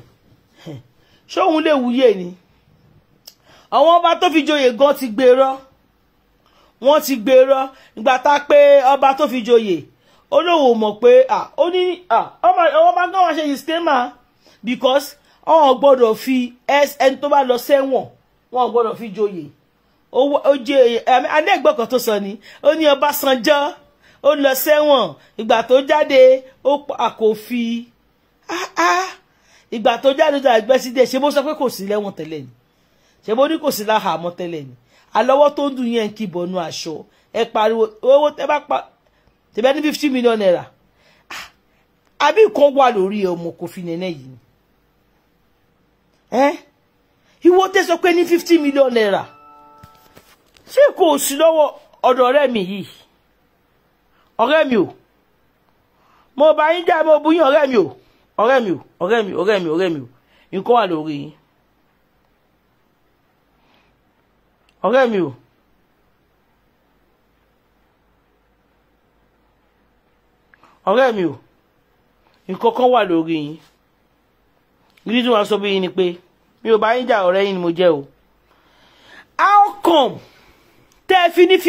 ṣóun lè wúyè ni àwọn ọba tó fi joyè gan ti gbèrọ wọ́n ti gbèrọ ìgbà tá a pé ọba tó fi joyè olówó mọ̀ pé ó ní ọba náà wá ṣe disclaimer because wọn gbọ́dọ̀ fi ẹn tó bá lọ sẹ́wọ̀n wọn gbọ́dọ̀ fi joyè ó jẹ ẹ ẹ anẹgbẹkọ tó sọ ni ó ní Ọbásanjọ́ ó lọ sẹ́wọ̀n ìgbà tó jáde ó àkófi ìgbà tó jáde tó àgbẹ̀sídẹ̀ ṣe bó sọ pé kò sí lẹ́wọ̀n tẹ́lẹ̀ ni ṣe bó ní kò sí láhàámọ́ tẹ́lẹ̀ ni alọ́wọ́ tó ń dùn yẹn kì í bọ̀nu aṣọ ẹ pariwo owó tẹ bá pa tẹbẹ ní fifty million naira ah, àbí nǹkan wà lórí ọmọ Kofi Nene yìí ni ẹ ìwọ tẹ sọ pé ní fifty million naira ṣé kò sí lọ́wọ́ ọ̀dọ̀ ọ̀rẹ́ mi yìí. ọ̀rẹ́ mi o mo bá yín jà mo bú yín ọ̀rẹ́ mi o ọ̀rẹ́ mi o ọ̀rẹ́ mi ọ̀rẹ́ mi mi o nǹkan wà lórí yín ọ̀rẹ́ mi o. ọ̀rẹ́ mi o nǹkan wà lórí yín tí wọ́n sọ ni pé mi ò bá yín jà ọ̀rẹ́ yín ni mo jẹ́ o how come tẹ́ ẹ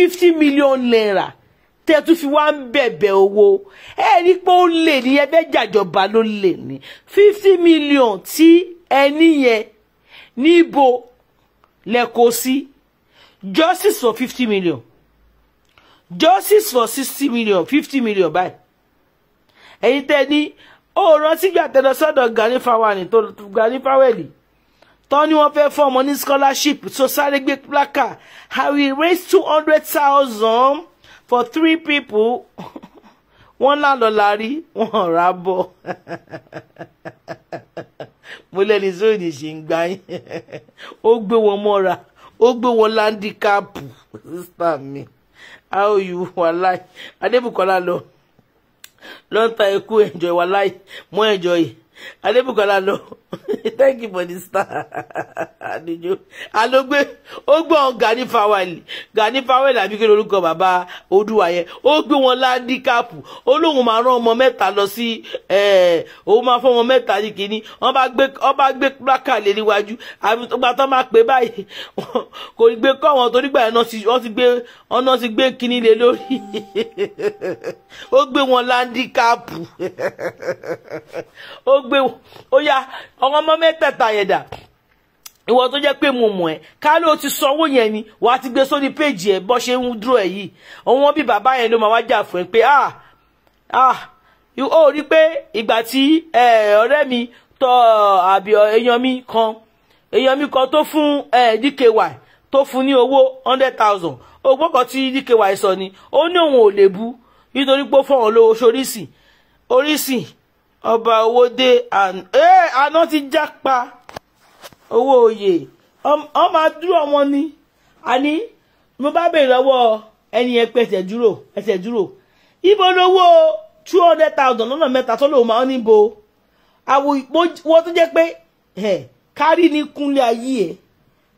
fi naira tẹ́tù fi wá ń bẹ̀bẹ̀ owó ẹ rí pé ó lè ní ẹ fẹ́ jàjọba ló lè ní fifty million tí ẹni yẹn níbo lẹ sí justice for fifty million justice for sixty million fifty million báyìí ẹ̀yin tẹ́ ní ó rántí gbàtẹ́lọ sọ́dọ̀ Gani Fawani tó Gani Faweli tọ́ ni wọ́n fẹ́ fún ọmọ ní scholarship tó sáré gbé plaka I will raise two hundred thousand. for three people one land la rí one rà bọ̀ mo lẹ́ni sóyìn ṣe ń gbá yín wo gbé wọn mọ́ra ó how you lọ lọ́ńtà ikú enjoy wà láì enjoy adébùkọ́lá lọ thank you for the star àdìjọ alógbé ó gbọ́ ọ̀n gani fawel gani fawel àbí kí lorúkọ bàbá odúwa yẹn ó gbé wọn ládìkàpù ó lóun máa rán ọmọ mẹ́ta lọ sí òun máa fọ́ ọmọ mẹ́ta ní kínní wọ́n bá gbé plaka lé níwájú àbí gbà tó máa pè báyìí kò gbé kọ́ wọn torí gbà ọ̀nà ti gbé kínní lé lórí ó gbé wọn ládìkàpù ó gbé ó yá ọmọ ọmọ mẹ́tẹ̀ẹ̀ta yẹn dà ìwọ tó jẹ́ pé mo mọ̀ ẹ́ ká ti sanwó yẹn ni wàá ti gbé sórí péjì ẹ̀ bó ṣe ń dúró ẹ̀ yìí òun bí bàbá yẹn ló máa wá jà fún ẹ pé ah ah ó rí pé ìgbà tí ọ̀rẹ́ mi tọ àbí èèyàn mi kan èèyàn mi kan tó fún DKY tó fún ní owó hundred thousand ogbó kan tí DKY sọ ni ó ní òun ò lè bu nítorí pé ó fọ̀hún lówó sóríṣì oríṣì ọba owóde eh, àná ti jápa owó oyè ọmọ àdúrà wọn ni àní mo bá bèrè lọ́wọ́ ẹni yẹn pé ẹsẹ̀ dúró ẹsẹ̀ dúró ibo lówó two hundred thousand lọ́nà mẹ́ta tó lòun máa ń níbo àwọn wọ́n tó jẹ́ pé kárí ní kúnlẹ̀ ayé ẹ̀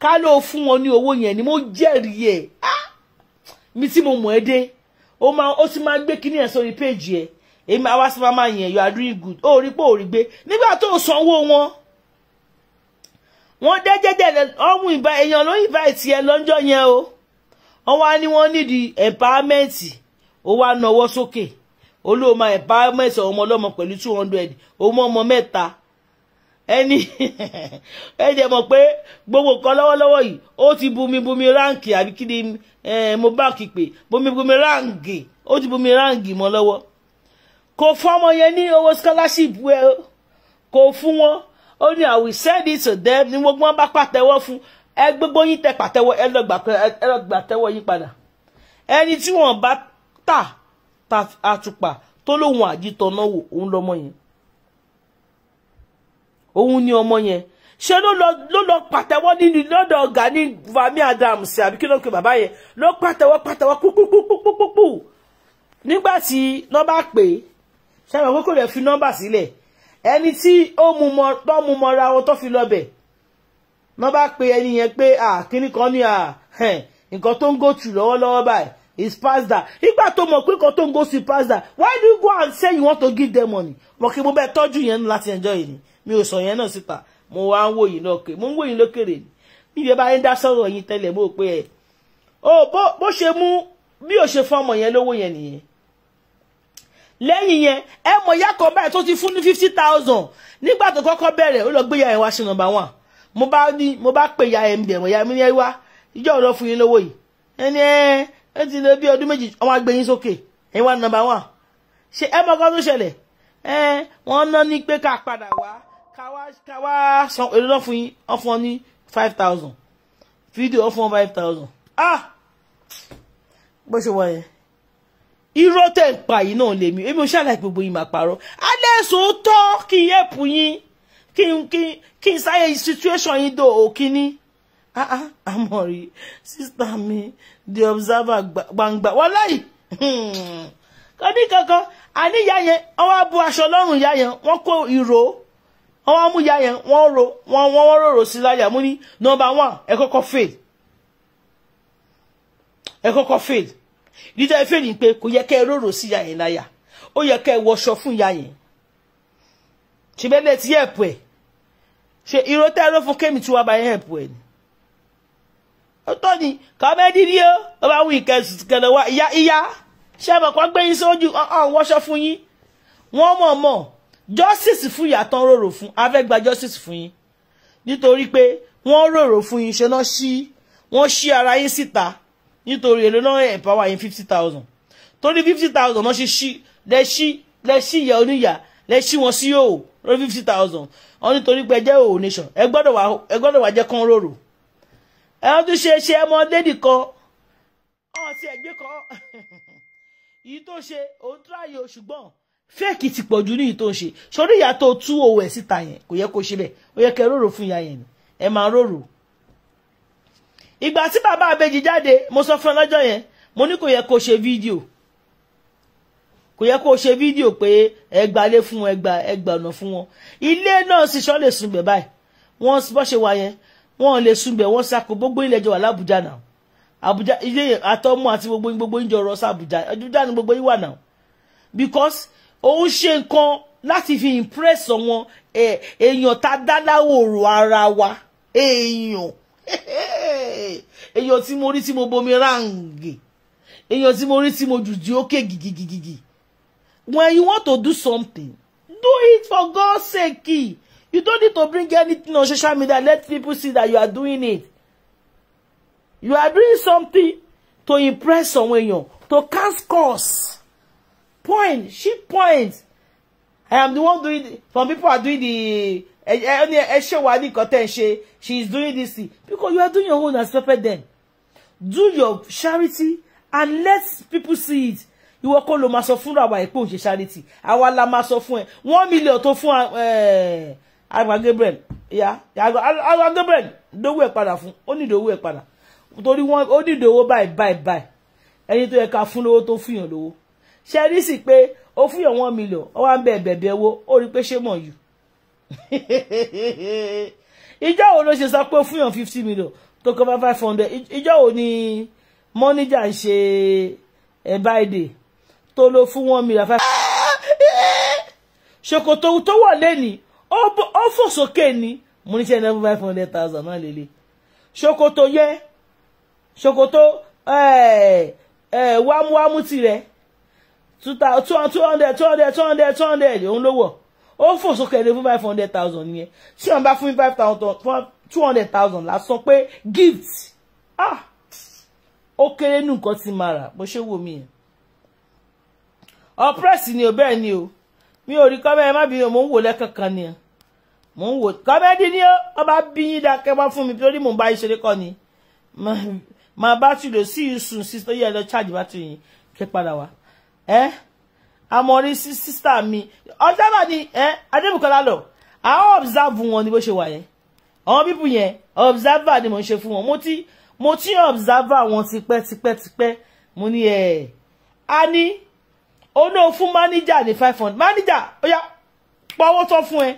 ká ló fún wọn ní owó yẹn ni mo jẹ́rìí ẹ̀ ah! mi tí mo mọ̀ ẹ́ dé ó sì máa ń gbé kíní ẹ̀ sórí péèjì ẹ̀ èmi àwa sí mama yẹn you are doing good ó rí pé ò rí gbé nígbà tó sanwó wọn wọ́n dé jẹ́jẹ́ ọ̀hún ìbá èèyàn ló invite ẹ lọ́jọ́ yẹn o wọ́n wá ní wọ́n nídìí empowerment ó wá nawọ́ sókè olóòmà empowerment ọmọ ọlọ́mọ pẹ̀lú two hundred ọmọ ọmọ mẹ́ta ẹni ẹjẹ mọ̀ pé gbogbo nǹkan lọ́wọ́lọ́wọ́ yìí ó ti bumi bumi ráǹkì àbí kí ni eh, mo bá kí pé bumi bumi ráǹkì ó ti bumi ráǹkì mọ́ lọ́wọ́ kò fún ọmọ yẹn ní owó scholarship ẹ kò fún wọn ó ní i will send it to them ní gbogbo wọn bá pàtẹ́wọ́ fún ẹ gbogbo yín tẹ pàtẹ́wọ́ ẹ lọ gbàtẹ́wọ́ yín padà ẹni tí wọ́n bá tà àtùpà tó lóun àjítọ̀nà wò òun lọmọ yẹn òun ni ọmọ yẹn ṣé ló lọ pàtẹ́wọ́ nínú lọ́dọ̀ ọ̀gá ní Vami Adams àbí kí ló ń pe bàbá yẹn ló pàtẹ́wọ́ pàtẹ́wọ́ púpúpúpúpú nígbà tí wọ́n bá pè é ṣàmì pé kò lè fi nọ́mbà sílẹ̀ ẹni tí ó mú mọ tó mú mọ ra wọn tó fi lọ bẹ̀ wọ́n bá pe ẹni yẹn pé à kíní kan ní à nǹkan tó ń go tù lọ́wọ́lọ́wọ́ báyìí is past that nígbà tó mọ̀ pé nǹkan tó ń go sí past that why do you go and say you want to give them money mo kí mo bẹ́ẹ̀ tọ́jú yẹn láti ẹjọ́ yìí ni mi ò sọ yẹn náà síta mo wá ń wò yìí lókè mo ń wò yìí lókèrè ni mi ìyẹn bá ń dá sọ̀rọ̀ yìí tẹ́lẹ̀ mo pé ẹ̀ o oh, bó ṣe mú bí o ṣe fún ọmọ yẹn lówó yẹn nìyẹn lẹ́yìn yẹn ẹ mọ̀ ìyá kan báyìí tó ti fún ní fifty thousand nígbà tó kọ́kọ́ bẹ̀rẹ̀ ó lọ gbé ìyá ẹ̀ wá sí nọ́mbà wọn mo bá ní mo bá pè ìyá ẹ̀ ń bẹ̀rẹ̀ ìyá mi ní ẹ wá ìjọ ọ̀rọ̀ fún yín lówó yìí ẹni ẹ ẹ ti lé bí ọdún méjì ọmọ agbẹ̀yìn sókè ẹ̀yin wá nọ́mbà wọn ṣe ẹ mọ̀ kan tó ṣẹlẹ̀ ẹ wọ́n ná ní pé ká padà wá ká wá san èrè náà fún yín ọ̀fun ní five thousand fídíò ọ̀fun five thousand ah bó ṣe wọ̀ irọ́ tẹ̀ ń pa yìí náà lèmi èmi ò ṣàlàyé gbogbo yìí máa parọ́ alẹ́ sòótọ́ kí n yẹ̀pù yín kí n kí n kí n sáyé situation yín dò òkíní ah ah Amori sísítà mi the observer gbangba wàláì hmm. kọ́ni kankan àníyá yẹn wọ́n á bu aṣọ lọ́rùn ìyá yẹn wọ́n kó ìró wọ́n wá mú ìyá yẹn wọ́n ro wọ́n wọ́n wọ́n rorò sí láyà mú ní nọ́mbà one ẹ kọ́kọ́ fail ẹ kọ́kọ́ fail dídá ife ni pé kò yẹ kẹ́ ẹ rorò sí ìyá yẹn láyà ó yẹ kẹ́ ẹ wọṣọ fún ìyá yẹn ṣèbẹ́lẹ̀ tí ẹ̀pù ẹ̀ ṣe irọ́ tẹ́ ló fún kémi tí wàá bá yẹn ẹ̀pù ẹ̀ ni ó tọ́ ni kọ́mẹ́dì ni ó ó bá wù ìkẹlẹ̀ wá ìyá ìyá ṣé ẹ̀ mọ̀ kó gbé yín sójú ọ̀hún wọṣọ fún yín wọ́n mọ̀ mọ̀ justice fún ìyá tán rorò fún a gba justice fún yín nítorí pé wọ́n rorò fún yín ṣe náà ṣí wọ́n ṣí ara yín síta nítorí èlò náà empower yín fifty thousand torí fifty thousand náà ṣe ṣí lẹ ṣí ìyá oníyà lẹ wọn sí òò lórí fifty thousand wọn nítorí pé ẹ jẹ́ òò nation ẹ gbọ́dọ̀ wá ẹ gbọ́dọ̀ wá jẹ́ kán rorò ẹ wọ́n tún ṣe ṣe ẹmọ dédì kan ọ̀hún ti ẹ̀gbẹ́ kan yìí tó ṣe òun tó ráàyè o ṣùgbọ́n fẹ́ẹ̀kì ti pọ̀ jù ní yìí tó ń ṣe sórí ìyá tó tú òwò ẹ̀ síta yẹn kò yẹ kó ṣe bẹ́ẹ̀ ó yẹ kẹ́ rorò fún ìyá yẹn ẹ máa rorò ìgbà tí bàbá àbejì jáde mo sọ fún ẹ lọ́jọ́ yẹn mo ní kò yẹ kó ṣe fídíò kò yẹ kó ṣe fídíò pé ẹgbà lé fún wọn ẹgbà ẹgbà ọ̀nà fún wọn ilé náà sì ṣọ́ lè sunbẹ̀ báyìí wọ́n bọ́ ṣe wà yẹn wọ́n lè sunbẹ̀ wọ́n sako gbogbo ilẹ̀ jọ wà lábújá náà àbújá ilé àtọ́mú àti gbogbo gbogbo ń jọ rọ àbújá ni gbogbo yìí wà náà because òun ṣe nǹkan láti fi impress wọn èèyàn tá a dá ara wa èèyàn èèyàn tí mo rí tí mo bomi ráǹgì èèyàn tí mo rí tí mo jùjú ókè gìgìgìgì when you want to do something do it for God's sake you don't need to bring anything on social media let people see that you are doing it you are doing something to impress someone èèyàn to cast curse point shit point I am the one doing the, some people are doing the ẹ ní ẹ ṣe wà ní nǹkan she is doing this thing because you are doing your own as separate Then do your charity and let people see it ìwọ kọ́ ló máa sọ fúnra wa ìpò òṣè charity àwa la máa sọ fún ẹ one million tó fún àgbà eh, Gabriel ya àgbà Gabriel dówó ẹ padà fún ó ní ìdówó ẹ padà torí wọn ó ní ìdówó báyìí báyìí báyìí ẹni tó yẹ ká fún lówó tó fìyàn lówó ṣe rí sí pé ó fìyàn one million ó wá ń bẹ ẹ̀bẹ̀ bí ẹwó ó rí pé ṣé mọ̀ yìí ìjọ wo ló ṣe sọ pé fún yàn fifty million tó kọ́ bá five hundred ìjọ wo ni mọ́níjà ń ṣe ẹ̀ báyìí tó ló fún one million five. ṣòkòtò tó wọ̀ lẹ́ni ó fò sókè ni mo ní ṣe ẹ̀ lẹ́fún five hundred thousand náà lélẹ̀ ṣòkòtò yẹ ṣòkòtò wámúwámú tirẹ̀ two hundred two hundred two hundred two hundred òun ló wọ̀ ó fò sókè ẹni fún five hundred thousand yẹn tí wọ́n bá fún mi five thousand two hundred thousand lásán pé gift ah ó kéré nù nǹkan tí màá rà bó ṣe wò mí yẹn ọpẹ́rẹ́sì ni ò bẹ́ẹ̀ ni o mi ò rí kọ́mẹ́ má bí mò ń wò lẹ́kọ̀ọ̀kan ni mò ń wò kọ́mẹ́dì ni ó wọ́n bá bí yín dákẹ́ wá fún mi torí mò ń bá yín ṣeré kọ́ ni màá bá tìlò sí ìsùn sí tó yẹ lọ ṣáàjì bá tìyìn kẹ́ padà wá ẹ́. Eh? amọ̀rí sísítà mi ọjọ́ náà ni ẹ adébùkọ́lá lọ àwọn observe wọn ni bó ṣe wà yẹn àwọn bíbù yẹn observer ni mo ń ṣe fún wọn mo ti mo ti observer wọn tipẹ́ tipẹ́ tipẹ́ mo ní ẹ̀ a ní oná fún manager ní five hundred manager ó yá pọ́wọ́ tán fún ẹ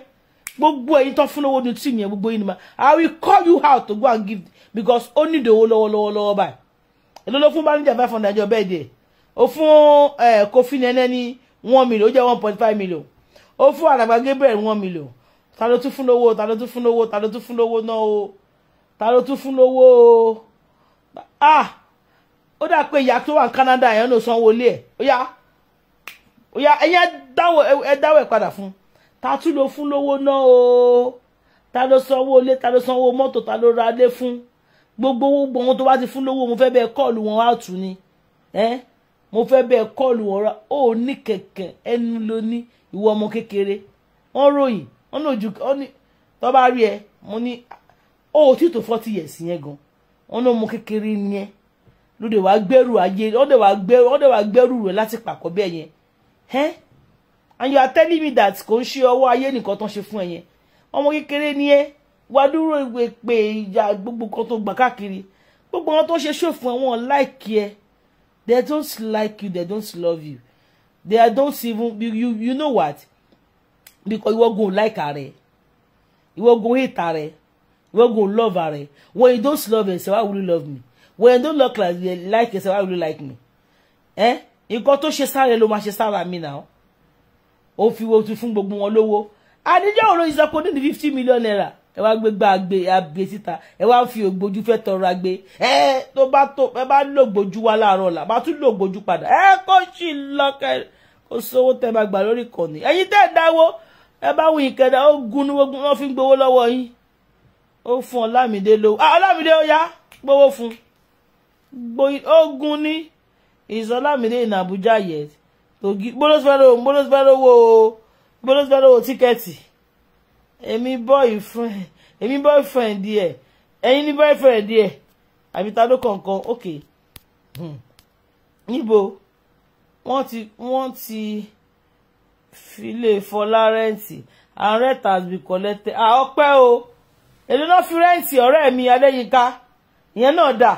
gbogbo ẹ̀yin tán fún lówó ní tíìmù yẹn gbogbo yín ma i will call you out to go and give because ó ní ìdòwò lọ́wọ́lọ́wọ́ lọ́wọ́ báyìí èló ló fún manager five hundred ẹjọ́ bẹ́ẹ̀ dẹ̀ ó fún Kofi Nene ní one million ó jẹ́ one point five million ó fún Àlàbá Gabriel one million ta ló tún fún lówó ta ló tún fún lówó ta ló tún fún lówó náà o ta ló tún fún lówó o ah ó dà pé ìyá tó wà ní Canada yẹn ló sanwó ilé ẹ̀ ó yá ó yá ẹ̀yẹ́ dáwọ̀ ẹ̀ padà fún ta tún ló fún lówó náà o ta ló sanwó ilé ta ló sanwó mọ́tò ta ló ra ilé fún gbogbo owó gbọ̀ngàn tó bá ti fún lówó mo fẹ́ bẹ́ẹ̀ kọ́ọ̀lù wọn á tù ni eh? mo fẹ́ bẹ́ẹ̀ kọ́ọ̀lù ọ̀rá ó ní kẹ̀kẹ́ ẹnu ló ní ìwọ ọmọ kékeré wọ́n ròyìn wọ́n ní ojú wọ́n ní tó bá rí ẹ mo ní ó tí tó forty years yẹn gan wọ́n ní ọmọ kékeré ni ẹ lóde wàá gbẹ́rù ayé wọ́n wàá gbẹ́rù wọ́n wàá gbẹ́rù rẹ̀ láti pàkọ́ bẹ́ẹ̀ yẹn ẹ́ and you are telling me that kò ń ṣe ọwọ́ ayé nìkan tó ṣe fún ẹ yẹn ọmọ kékeré ni ẹ wàá dúró ìwé pé ìjà gbogbo kan tó gbà káàkiri gbogbo wọn tó ṣe ṣòfò wọn láìkí ẹ they don't like you they don't love you they don't even you you, you know what because you ìwọ go like You ìwọ go hate You ìwọ go love ààrẹ when you don't love yourself why would you love me when you don't look like like yourself why will you like me eh nǹkan tó ṣe sáré ló máa ṣe sára mi náà ó fi wo tún fún gbogbo wọn lówó àdéjọ́ òòrùn is ní fifty million naira ẹ wá gbé gbá agbe agbe síta ẹ wá fi ògbójú fẹ́ tọrọ agbe ẹ tó bá tó ẹ bá lògbójú wá láàárọ̀ ọ̀la bá tún lògbójú padà ẹ kó sì lọ́kẹ́ kó sówó tẹ bá gbà lórí ìkànnì ẹ̀yin tẹ́ ẹ dáwó ẹ bá wù yín kẹdà ó gun ní wọ́n wọ́n fi ń gbowó lọ́wọ́ yín ó fún ọlámìdé lówó ah ọlámìdé ó yá gbowó fún ó gun ní ìsọlámìdé in Abuja yẹn gbólóṣùfẹ́ lówó gbólóṣùfẹ́ lówó tíkẹ́ẹ̀tì. Emi boyfriend emi boyfriend díẹ̀ ẹ̀yin ní boyfriend díẹ̀ àbí ta ló kọ̀ọ̀kan ok hmm. níbo wọ́n ti wọ́n ti filé fọlá rẹ́ǹtì and rent has been collected ah ọpẹ́ o èlò náà fi rẹ́ǹtì ọ̀rẹ́ mi adéyínká ìyẹn náà dà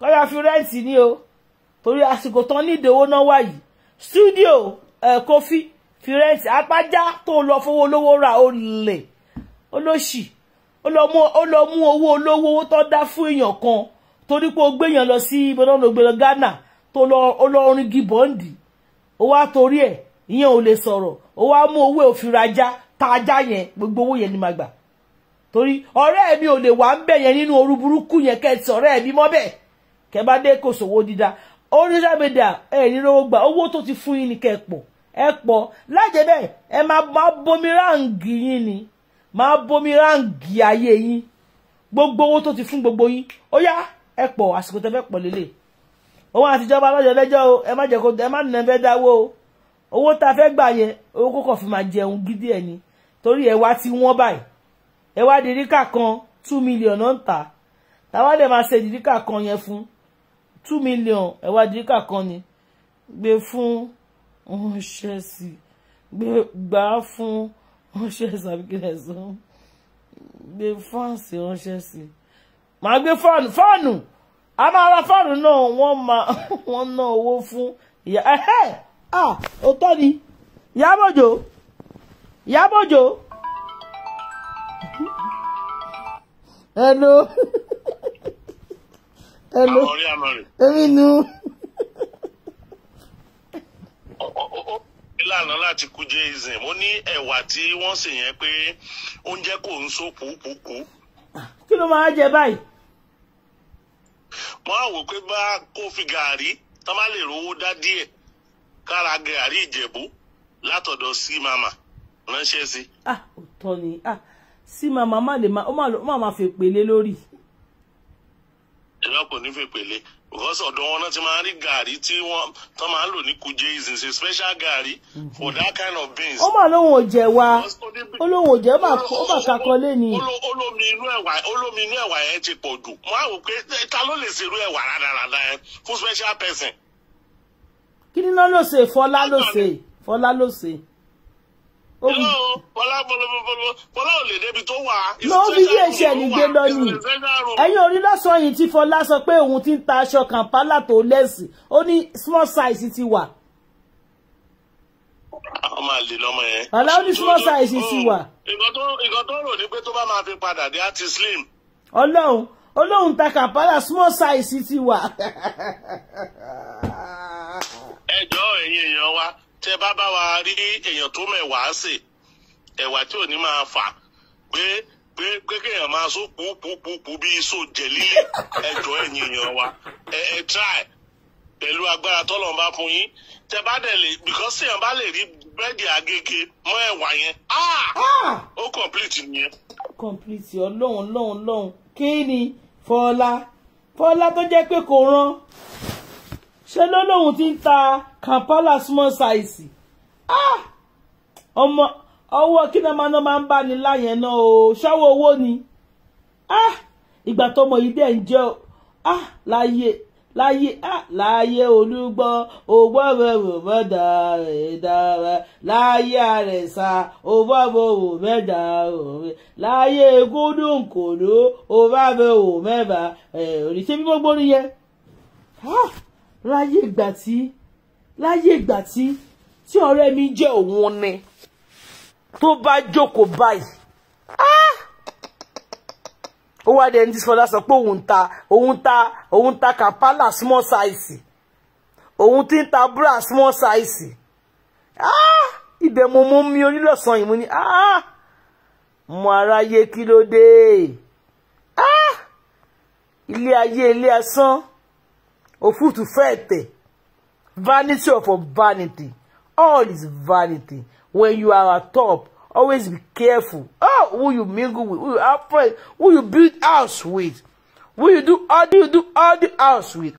kọ́yà fi rẹ́ǹtì ni o torí àsìkò tán ní ìdèwọ́ náà wáyìí studio ẹ̀ kófí. fi apájá tó lọ fowó olówó ra olè olóṣì ó lọ mú owó olówó tó dá fún èèyàn kan torí pé ó lọ sí ibodàn lọ Ghana tó lọ olórin gibọ́ǹdì ó wá torí ẹ̀ ìyẹn ò lè sọrọ ó wá mú owó yẹn gbogbo owó yẹn ni torí mi ò lè nínú burúkú yẹn mi kò sówó ẹ pọ̀ lájẹ bẹ́ẹ̀ ẹ máa bomi ráǹgì yín ni máa bomi ráǹgì ayé yín gbogbo owó tó ti fún gbogbo yín ó yá ẹ pọ̀ àsìkò tẹ́ fẹ́ pọ̀ lélẹ̀ owó àtijọba lọ́jọ́ lẹ́jọ́ o ẹ má jẹ́ kó ẹ má nà fẹ́ dáwó o owó tá a fẹ́ gbà yẹn owó kókò fi máa jẹun gidi ẹ̀ ni torí ẹ wá ti wọ́n báyìí ẹ wá di ríkà kan two million náà ń tà táwa dẹ̀ máa ṣe di ríkà kan yẹn fún two million ẹ wá di ríkà kan ni gbé fún wọn ṣẹ̀sì gbà á fún wọn ṣẹ̀sì àbíkílẹ̀ sọ gbé fáǹsì wọn ṣẹ̀sì màá gbé fáànù fáànù a máa ra fáànù náà wọ́n máa wọ́n ná owó fún ìyá ẹ̀hẹ́ à òótọ́ ni yábòjò yábòjò hello hello èmi nu. àná láti kújé ìsìn mo ní ẹ̀wà tí wọ́n sè yẹn pé oúnjẹ kò ń so pùpùpù. kí ló máa jẹ báyìí. mo á wò pé bá kó fi gàárì tán bá lè rówó dá díẹ̀ kára gàárì ìjẹ̀bú látọ̀dọ̀ sí màmá ránṣẹ́ sí. ah òótọ́ ni ah sí màmá má lè má ó má máa fèpèlé lórí. ìlọ́kùnrin fèpèlé because ọ̀dọ̀ wọn náà ti máa ń rí gàrí tí wọ́n tó máa ń lò ní kuje is a special gàrí for that kind of beans. ó mà lóun ò jẹ wa ó lóun ò jẹ ó mà kakọ lẹ́ni. olómi inú ẹ̀wà yẹn ti pọ̀ jù mo á wò pé ta ló lè ṣerú ẹ̀wà rádaràda yẹn fún special person. kí ni lọ́ọ́ ló ṣe fọlá ló ṣe fọlá ló ṣe lóbi yí ẹsẹ̀ nìgbé lọ ni ẹ̀yin orí lọ́sàn yìí tí Fọlá sọ pé òun ti ń ta aṣọ kàmpálà tó lẹ́sì ó ní small size ti wà. ọmọ àlè lọmọ yẹn. ọ̀la ó ní small size ti oh, wà. ìkan tó rò ní pé tó bá máa fi padà dé á ti slim. ọlọ́run olóhùn ta kàmpálà small size ti wà. ẹjọ́ ẹ̀yin èèyàn wa tẹ bá bá wa rí èèyàn tó mẹwàá sè ẹwà tí ò ní máa fà pé pé pé kéèyàn máa so pùpùpùpù bí iṣó jẹlílẹ ẹjọ ẹ̀yin èèyàn wa ẹ ẹ try pẹ̀lú agbára tọlọ bá fún yín tẹ bá dẹ lè because èèyàn bá lè rí búrẹ́dì agége mọ́ ẹ̀wà yẹn ah! Ah! ó complete nìyẹn. complete ọlọ́run ọlọ́run ọlọ́run kí ni fọlá fọlá tó jẹ́ pé kò rán ṣe ló lóun ti ń ta kampala small size ah! ọmọ ọwọ́ kí náà máa máa ń bá ní láyẹn náà o ṣáwọ́ owó ni ah! ìgbà tọmọ yìí dẹ̀ ń jẹ́ ah! láyé láyé láyé olúgbọ́ ògbọ́rọ̀ òmọ́dà ìdára láyé àrẹ̀sà òbọ̀bọ̀ òmẹ́dà òmẹ́ láyé gúdùnkòdó òbábẹ̀ òmẹ́bà ẹ̀ òrìṣẹ́ bí gbogbo nìyẹn láyé ìgbà tí láyé ìgbà tí tí ọ̀rẹ́ mi jẹ́ òun ni tó bá jókòó báyìí ah! ó wá dẹni tí sọdá sọ pé òun ta òun ta òun ta kàpálà small size òun ti ń ta bra small size ah! ibẹ̀ mo mú mi onílọ̀sàn yìí mo ní ah! mo aráyé kí ló dé ilé ayé ilé asán òfúùtù fẹ́ tẹ̀ vanity of vanity all is vanity when you are at top always be careful oh who you mingle with who you have friends who you build house with who you do all you do all the house with.